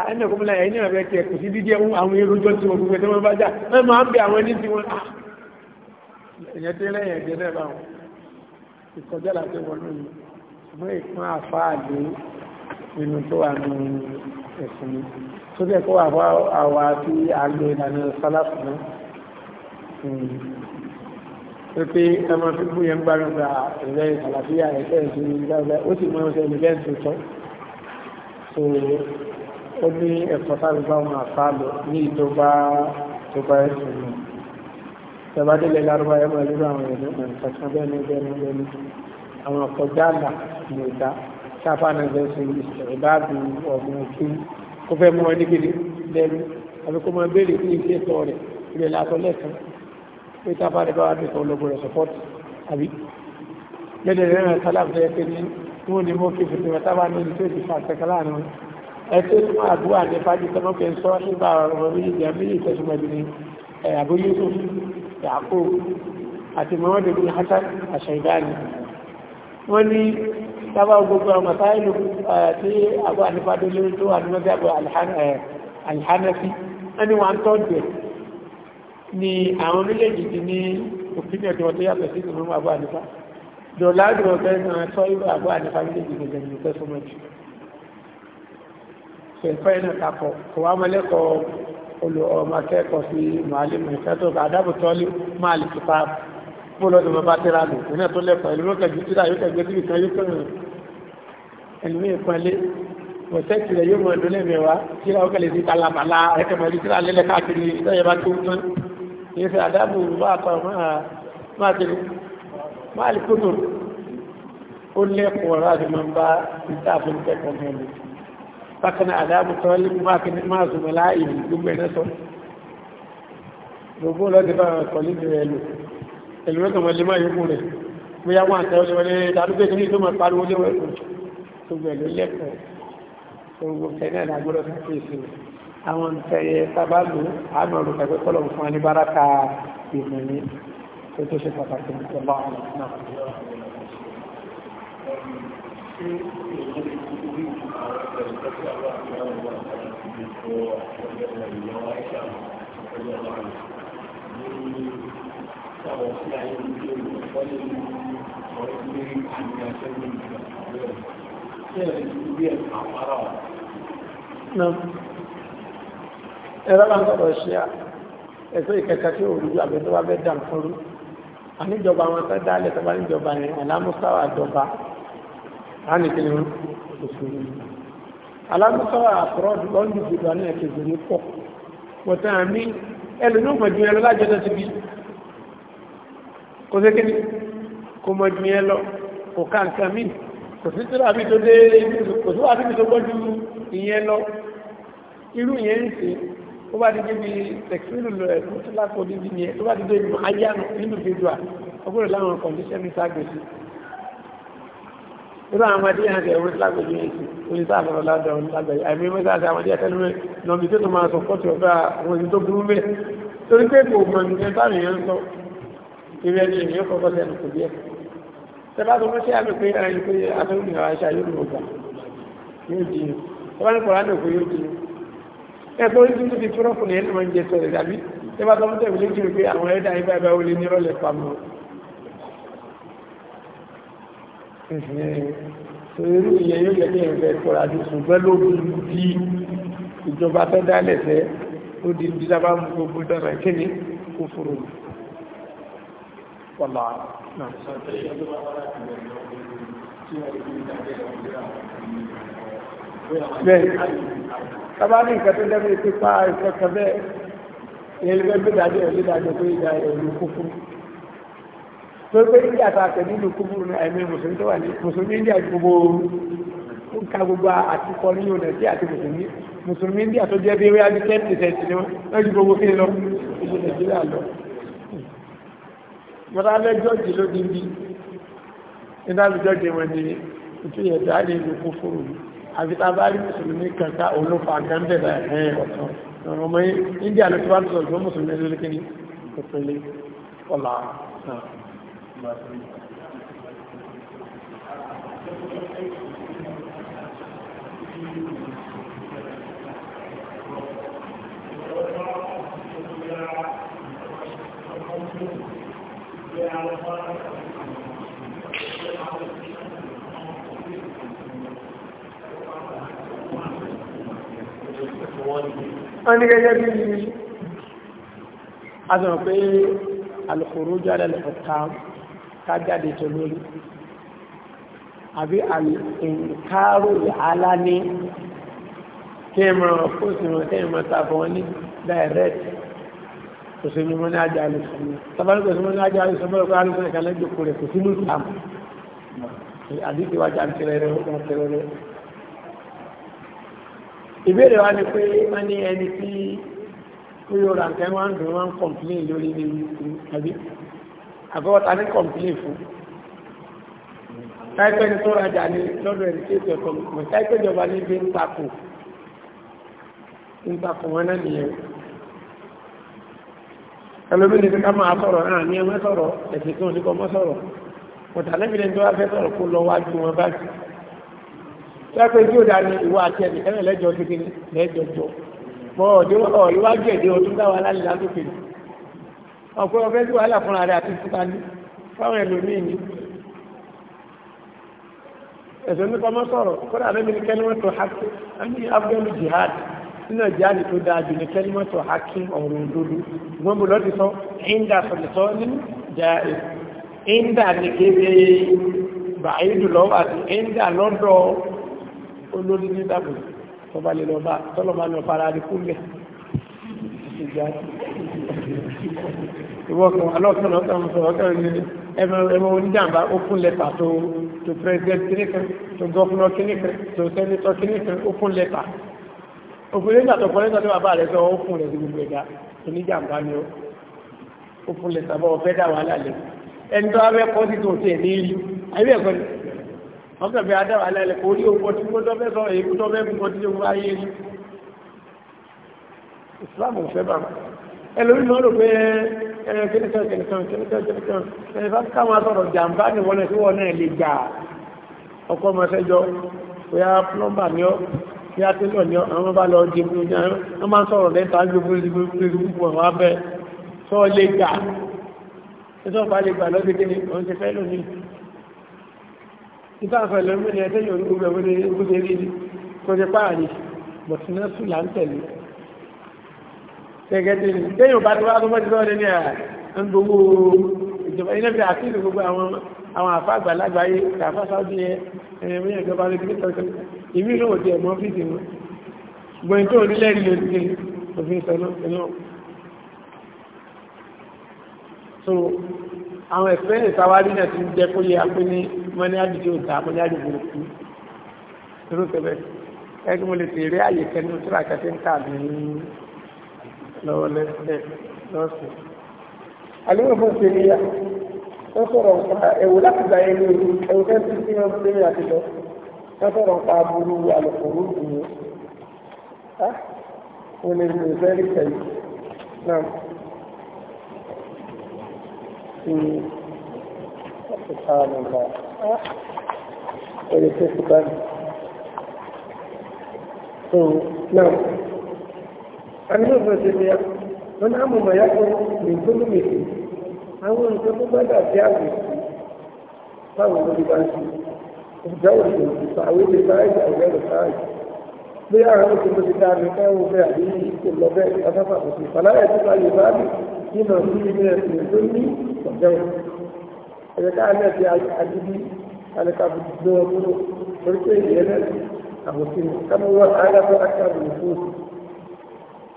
ẹnì kò múlá ẹ̀yìn náà rẹ̀ kò sí dídí ẹ̀hún àwọn irújọ́ tí wọ́n gbogbo tí wọ́n bá jà ẹ máa ń bẹ àwọn ẹni tí wọ́n á ah! ẹ̀yẹ tí lẹ́yìn ẹ̀jẹ̀ náà bá wọn ìkọjá láti wọnú ni ṣùgbọ́n ìpín àfáàlú nínú tó wà ní ẹ̀sìn ni tó bẹ́ẹ̀ kó àwa àwa àti àgbẹ̀ ìlànà sálàfù náà fi bú yẹn gbárùn gba ẹ̀rẹ́ ìsàlàfíà ẹ̀fẹ́ ìṣẹ́ ìgbàgbẹ́ ó sì máa ń ṣe ìgbẹ́ ìṣòtọ́ ó ní ẹ̀kọ́ sábẹ́ bá wọn àfa lọ ní ìjọba tó bá ẹ̀sìn mi ìjọba délé lárúbá ẹ̀ máa lérò àwọn èèyàn náà nǹkan kan bẹ́ẹ̀ ní bẹ́ẹ̀ ní bẹ́ẹ̀ ní àwọn ọ̀kọ̀já àlà ní ìdá sáfà náà bẹ́ẹ̀ ṣe ìbáàbí ọ̀gbìn òkú kó fẹ́ mú wọn ní gidi lẹ́nu àbí kó máa béèrè ní ilé ẹ̀tọ́ rẹ̀ ilé látọ̀ lẹ́ẹ̀kan pé sáfà ẹ̀tọ́ súnmọ́ àbúwà ní fájítọ́mọ́ pé sọ ìbá ọ̀rọ̀ méjì àmìlì ìtẹ́sùmọ̀ ìbìnrin Abu Yusuf yàkó àti Muhammad bin Hasan àṣàìdáni wọ́n ní sábà gbogbo ọmọ táìlù tí àbú ànífàdó lórí tó wà ní mọ́gbàgbọ́ alhanafi wọ́n ní wọ́n tọ́ jẹ́ ni àwọn méjèèjì ti ní òpínlẹ̀ tí wọ́n tó yàtọ̀ sí ìtùnú àbú ànífà dọ̀lá ẹ̀kọ́ yẹn náà takọ̀ kò wá mọ́lẹ́kọ̀ọ́ ọmọ akẹ́kọ̀ọ́ sí màálìmù ìfẹ́tọ̀ àdábòtọ́lé máàlì kípa bóòlọ́dún bàbá tẹ́ra lò ní ẹ̀tọ́ lẹ́kọ̀ọ́ ìlú lókẹ̀jú tíra yóò kẹ̀gbẹ́ sí ìkan yóò kẹ̀rìn ẹ̀lú ìpọnlé mọ̀tẹ́kì rẹ̀ yóò mọ̀ ẹ̀dọ́ lẹ́mẹ̀wá tíra ó kẹ̀lẹ̀ sí kalabala ẹ̀kẹ̀mọ̀lì tíra lẹ́lẹ̀ káàkiri lẹ́yẹ bá tó tán ìfẹ́ àdábò bá àpá máa tẹ̀lé máàlì kótó ó lẹ́kọ̀ọ́ láti máa bá ìtàfẹ́ kẹ́kọ̀ọ́ mẹ́lẹ̀ bákan àdáàbò tọ́ límú máa zùmọ̀ láàyè gbogbo ẹ̀nà sọ gbogbo lọ́dẹ̀ bá kọ̀lí ní ẹlò ẹlò rẹ̀ kọ̀mọ̀ lè máa yókù rẹ̀ mo yá wọn àtẹ́wọ́ lẹ́wọ́ tàbí kí ní tó máa pariwo lé wọ́n gbogbo ẹ̀lò lẹ́kọ̀ọ́ gbogbo tẹ̀lé àgbọ̀dọ̀ tó fi sí àwọn tẹ̀yẹ sábà lò àmọ̀ ọ̀rọ̀ tẹ̀gbẹ́ kọ́lọ̀ fún wa ní báraka ìmọ̀ ní tó tó ṣe pàtàkì ní ọlọ́run náà ẹ̀rọ lọ́nà ṣe à ẹ̀sọ́ ìkẹta tí òòrùn àbẹ̀ tó bá bẹ́ dà fúnrú àníjọba wọn fẹ́ dálẹ̀ tọ́bá níjọba yẹn alámúsáwà jọba á nìkiri òṣèlú alágbèsọ́wọ́ àfọ́rọ́dù lọ́ndì gbogbo àná ẹ̀kẹ́gbẹ̀ ní pọ̀ pọ̀tán àmì ẹlòmí mọ̀jú ẹ lọ lájọ́ náà ti bí kò sí kíni kò mọ̀jú ẹ lọ kò ká nǹkan mí kò sí tíra mi tó dé kò sí wà níbi tó gbọ́jú ìyẹn lọ irú ìyẹn ń ṣe ó bá ti débi tẹ̀sílù lọ ẹ̀kú tó lápò níbi yẹn ó bá ti débi ayánu irú àwọn ọmọdé yẹn ti ẹ̀wọ́n lágbègbè yìí oní tá àlọ́ ládàá oní lágbègbè àìmí mẹ́ta àti àwọn ẹ̀tẹ́lú mẹ́ lọ́mí tó tó máa sọ fọ́tì ọ̀gá àwọn ẹni tó burú mẹ́ torí pé kò mọ̀ ní ẹ̀ta nìyẹn ń sọ ìrẹ́ ni èyí kọ́kọ́ sẹ́nu kò díẹ̀ tẹ́lá tó mọ́ sí àmì pé ẹni pé afẹ́rùn ìhà àṣà yóò lò gbà yóò di tẹ́lá ní kọ̀ọ̀rọ̀ àdókò yóò di ẹ̀kọ́ orí tuntun ti túrọ́pù ní ẹni máa ń jẹ sọ̀rọ̀ tàbí tẹ́lá tó mọ́ sẹ́nu lé irú ìyẹn yóò jẹ́ kí ẹ̀fẹ́ kọ́ra jù ṣùgbọ́n ló dúdú di ìjọba tó dálẹ̀ fẹ́ ó di dídá bá mú gbogbo dára kí ni kó fòrò ní wọ́lá náà. bẹ́ẹ̀ tábà ní nǹkan tó dẹ́gbẹ̀ẹ́ pípa ìfẹ́ kan bẹ́ẹ̀ ìyẹn ló fẹ́ gbé tó pé ní àtàkẹ́ nínú kúbúrú ní àìmọ́ mùsùlùmí tó wà ní mùsùlùmí ní àgbogbo nǹkan gbogbo àtikọ nínú nàìjíríà àti mùsùlùmí mùsùlùmí ní àtó jẹ́ bí wíwá ní ten percent ni wọ́n lọ́jú gbogbo kí lọ ìlú nàìjíríà lọ. mọ̀tá fẹ́ jọ́ọ̀jì ló di bí nígbà tó jọ́ọ̀jì wọn ni ìtúyẹ̀dá ní ìlú kúfúrú àfi tá a bá rí mùsùlùmí kankan òun ló gánbẹ̀ báyìí ọ̀tọ̀ ọmọ ni ọ̀pẹ̀lẹ̀ ọ̀la náà أنا جايبين، أنا بقول الخروج على الحكام kájáde tó lórí àbí àǹkárò ìhálà ní kí ẹ máa fóòsì wọn kí ẹ máa tàbí wọn ní direct kò sí mímọ́ ní ajá alùsùn ní tàbí kò sí mímọ́ ní ajá alùsùn mọ́ ọkọ̀ alùsùn ẹ̀ka lẹ́jọ́ kò rẹ̀ kò sí ní ìsàmù àdìsí wa jà ń tẹ̀lé rẹ̀ ó ń tẹ̀lé rẹ̀ ìbéèrè wa ni pé wọ́n ní ẹni tí ó yóò ra nǹkan wọn dùn wọn kọ̀m̀pílẹ̀ lórí ní ìlú àbí àbẹ́wọ́ta ní kọ̀m̀pílì fún táìpẹ́ ní tó rajà ní lọ́dọ̀ ẹ̀rí tí ètò ẹ̀kọ́ mọ̀ táìpẹ́ ìjọba ní ibi ń takò ń takò wọn náà nìyẹn ẹlòmíì ní ká máa sọ̀rọ̀ náà ní ẹmẹ́ sọ̀rọ̀ ẹ̀sìn tí wọ́n ti kọ́ mọ́ sọ̀rọ̀ mọ̀tàlẹ́bí ní tó wá fẹ́ sọ̀rọ̀ kó lọ wájú wọn báyìí táìpẹ́ tí ó dá ní ìwà àti ẹnìkan lẹ́jọ́ kékeré lẹ́jọ́ jọ mọ́ ọ̀dẹ́wọ̀ ìwájú ẹ̀dẹ́ ọdún táwa lálẹ́ lásìkò ọ̀pọ̀ ọ̀fẹ́ sí wàhálà fúnra rẹ̀ àti fúta ní fáwọn ẹlòmíì ni ẹ̀sẹ̀ ní kọ́mọ́ sọ̀rọ̀ kódà lẹ́mi ní kẹ́límọ́tò hákí ní afghanu jihad nínú jihad tó dáa jù ní kẹ́límọ́tò hákí ọ̀rọ̀ òdodo ṣùgbọ́n mo lọ́ọ́ ti sọ ẹ̀ńdà sọ̀tọ̀ ní jàre ẹ̀ńdà ní kéré bàáyé dùlọ́ àti ẹ̀ńdà lọ́dọ̀ olórí ní dàbò tọ́ba lè lọ́ba tọ́lọ́ba lọ́ fara rí kúlẹ̀ ìjà ìwọ́kùn alọ́sọ̀nà ọ̀tọ̀run sọ̀rọ̀ ọ̀tọ̀run ní ẹmọ oníjàmbá open letter to to president kìnìkan to governor to senator kìnìkan open letter open letter tó kọ́ lẹ́tà tó bàbá ni ó open ni wọ́n kẹ̀fẹ́ adá wàhálà lẹ̀ kò rí owó tí mo tọ́fẹ́ sọ èyí tó fẹ́ fún ọtí owó ayé ni Islam ò fẹ́ bá ẹlòmíràn rò pé ẹ̀ kìnìkan kìnìkan kìnìkan kìnìkan ẹ̀ bá ká máa sọ̀rọ̀ jàǹbá ni wọ́n ti wọ́n náà lè gbà ọkọ̀ mọ́sẹ́jọ́ bóyá plọ́mbà ni ọ́ kí á tẹ́lọ̀ ni àwọn bá lọ jẹ fún ìyá wọ́n máa ń sọ̀rọ̀ lẹ́ta gbogbo gbogbo àwọn abẹ́ tó lè gbà tó bá lè gbà lọ́dún kí ni wọ́n ti fẹ́ lónìí títà fẹ́ lónìí ẹ̀tẹ́yìn orúkú gbogbo ẹ̀wọ́n ní gbogbo ẹ̀rí kó ti pààrí bọ̀tínẹ́sù là ń tẹ̀lé gẹ́gẹ́ ní téèyàn bá ti wá lọ́wọ́ ti lọ́wọ́ ní à ń gbogbo ìjọba iná fi àti ìlú gbogbo àwọn àwọn àfa àgbàlagbà yé àfa sáwọ́dì yẹ ẹ̀yẹ̀mí ìjọba lè gbé tọ́jú ìmí ìlú òtí ẹ̀mọ́ fíìsì wọn gbọ́n tó onílẹ̀ rí lórí ní òfin sọ náà so àwọn ẹ̀fẹ́ ìsáwárí náà ti jẹ́ kó yẹ apé ní mọ́ní àdìjọ òtà mọ́ní àdìjọ òkú lórúkọ bẹ́ẹ̀ ẹgbẹ́ mo lè tèrè àyè kẹ́ni tó rà kẹ́kẹ́ ń kà ní lọ́wọ́ lẹ́sẹ̀ lọ́sẹ̀. àlejò fún ìṣèlérà wọ́n sọ̀rọ̀ nípa ẹ̀wù láti gba ẹni ẹ̀wù fẹ́ǹsì tí wọ́n ti lé àti lọ wọ́n sọ̀rọ̀ nípa aburú alùpùpù ìyẹn. wọ́n lè lè fẹ́rí tẹ̀lé náà. سبحان الله ولكيف بان نعم àmì ìfẹ́ ṣe ni wọn á mọ̀ mọ̀yá kan lè gbóló mèsì àwọn nǹkan tó bá dàbí àgbẹ̀ táwọn olórí bá ń ṣe ìjáwó ìṣòro ìṣàwé lè sáré ìṣàwé lè sáré bí àwọn oṣù tó ti dá mi káwọn bẹ àbí kò lọ bẹ afẹ́fà kò sí fàlàyé tó bá yóò bá mi nínú ọdún ilé ẹ̀sìn tó ní ọ̀jọ́ ẹ̀jẹ̀ ká alẹ́ ti adúbí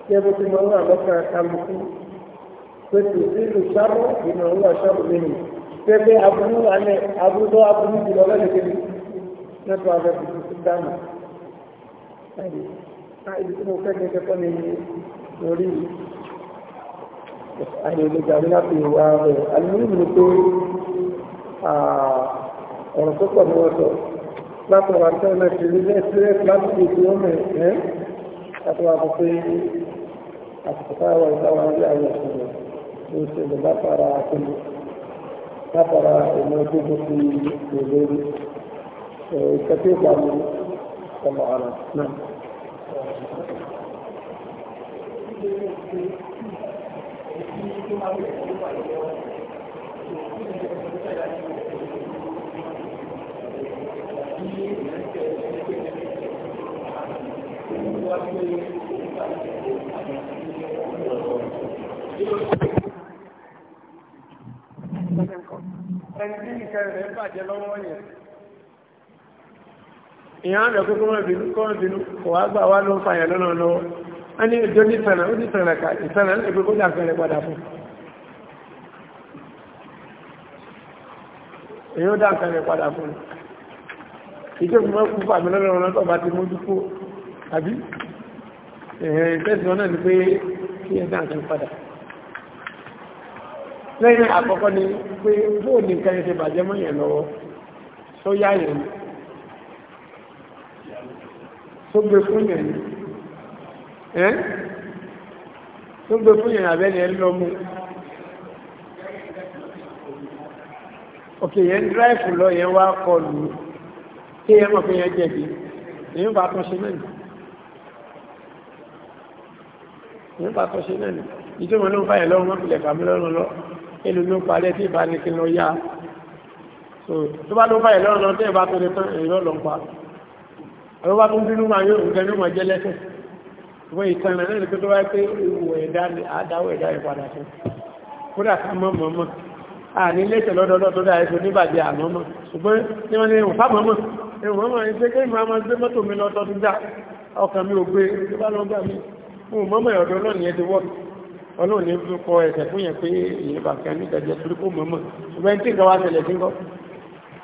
كيف تمنع بكرة كامبكو pẹ̀lú ìlú sábọ̀ ìmọ̀ ìwà sábọ̀ nínú pẹ̀lú aburú alẹ́ aburú aburú jùlọ lẹ́nu kébí lẹ́tọ́ abẹ́ tuntun dáná ibi tí mo kẹ́kẹ́ kẹ́kọ́ ní orí àìlèjàrí láti ìwà rẹ̀ alìmírìmì ni pé ọ̀rọ̀ tó pọ̀ ní wọ́n sọ látọ̀rọ̀ àtẹ́lẹ̀ sí ilé ẹ̀sìlẹ̀ láti ìdí ọmọ ẹ̀ látọ̀rọ̀ àkọ́kọ́ àtìkọ̀tàwà ìtawà ní àwọn ìṣẹ̀lẹ̀ tó ń ṣẹlẹ̀ látara àkọlù látara ìmọ̀ gbogbo ti ìlérí ìkẹ́kẹ́ ìpàdé ọmọ ara náà. Thank you. ẹni tí nìkan rẹ̀ bàjẹ́ lọ́wọ́ yẹn ìyàn rẹ̀ kókó mọ́ ìbínú kọ́ ìbínú kò wá gbà wá ló ń fa ìyàn lọ́nà lọ́wọ́ a ní ìjọ ní ìfẹ̀nà ó ní ìfẹ̀nà ká ìfẹ̀nà ní ìgbé kódà fẹ̀rẹ̀ padà fún èyí ó dá fẹ̀rẹ̀ padà fún ìjọ fún mọ́ fún fàmí lọ́nà lọ́nà tó bá ti mójú kó àbí ìfẹ̀sì lọ́nà ni pé kí ẹ dá fẹ̀rẹ̀ lẹ́yìn àkọ́kọ́ ni pé bóò ní nǹkan ẹ̀ṣẹ̀ bàjẹ́ mọ́ yẹn lọ́wọ́ tó yá yẹn tó gbé fún yẹn ẹ́ tó gbé fún yẹn àbẹ́ni ẹ̀ lọ mú òkè yẹn dráìfù lọ yẹn wá kọlù kí yẹn mọ̀ pé yẹn jẹ̀bi èyí bá tún ṣe náà èyí bá tún ṣe náà ìjọba ló ń fàyẹ̀ lọ́wọ́ mọ́pìlẹ̀ kàmílọ́rùn lọ́wọ́ èlò ló parẹ́ tí ìbá ní kí lọ yá tó bá ló bá ìlọ́rọ̀ lọ tó ìbá tó lè tán ìlọ́ lọ pa àwọn bá tó ń bínú máa yóò nǹkan ní màá jẹ́ lẹ́sẹ̀ ṣùgbọ́n ìtàn rẹ̀ lẹ́nu tó bá pé ìwò ẹ̀dá ni àdáwò ẹ̀dá ìpadà fún kódà ká mọ́ mọ́ mọ́ à ní lẹ́sẹ̀ lọ́dọọdọ́ tó dáa èso níbàjẹ́ àmọ́ mọ́ ṣùgbọ́n ní wọ́n ní ìwọ̀n fámọ́ mọ́ ìwọ̀n mọ́ ìṣe kí ìmọ̀ àmọ́ gbé mọ́tò mi lọ́tọ́ tó dá ọkàn mi ò gbé ọlọ́run ní fún kọ ẹsẹ̀ fún yẹn pé èyàn bá kan ní ìdájọ́ torí kó mọ̀mọ́ ṣùgbọ́n tí nǹkan wá ṣẹlẹ̀ sí ńkọ́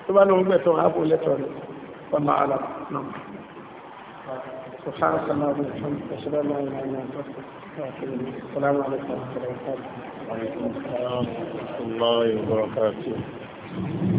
tó bá lóun gbẹ̀tọ̀ ààbò lẹ́tọ̀ rẹ̀ ọmọ àlà náà سبحانك اللهم وبحمدك اشهد ان لا اله الا انت السلام عليكم ورحمه الله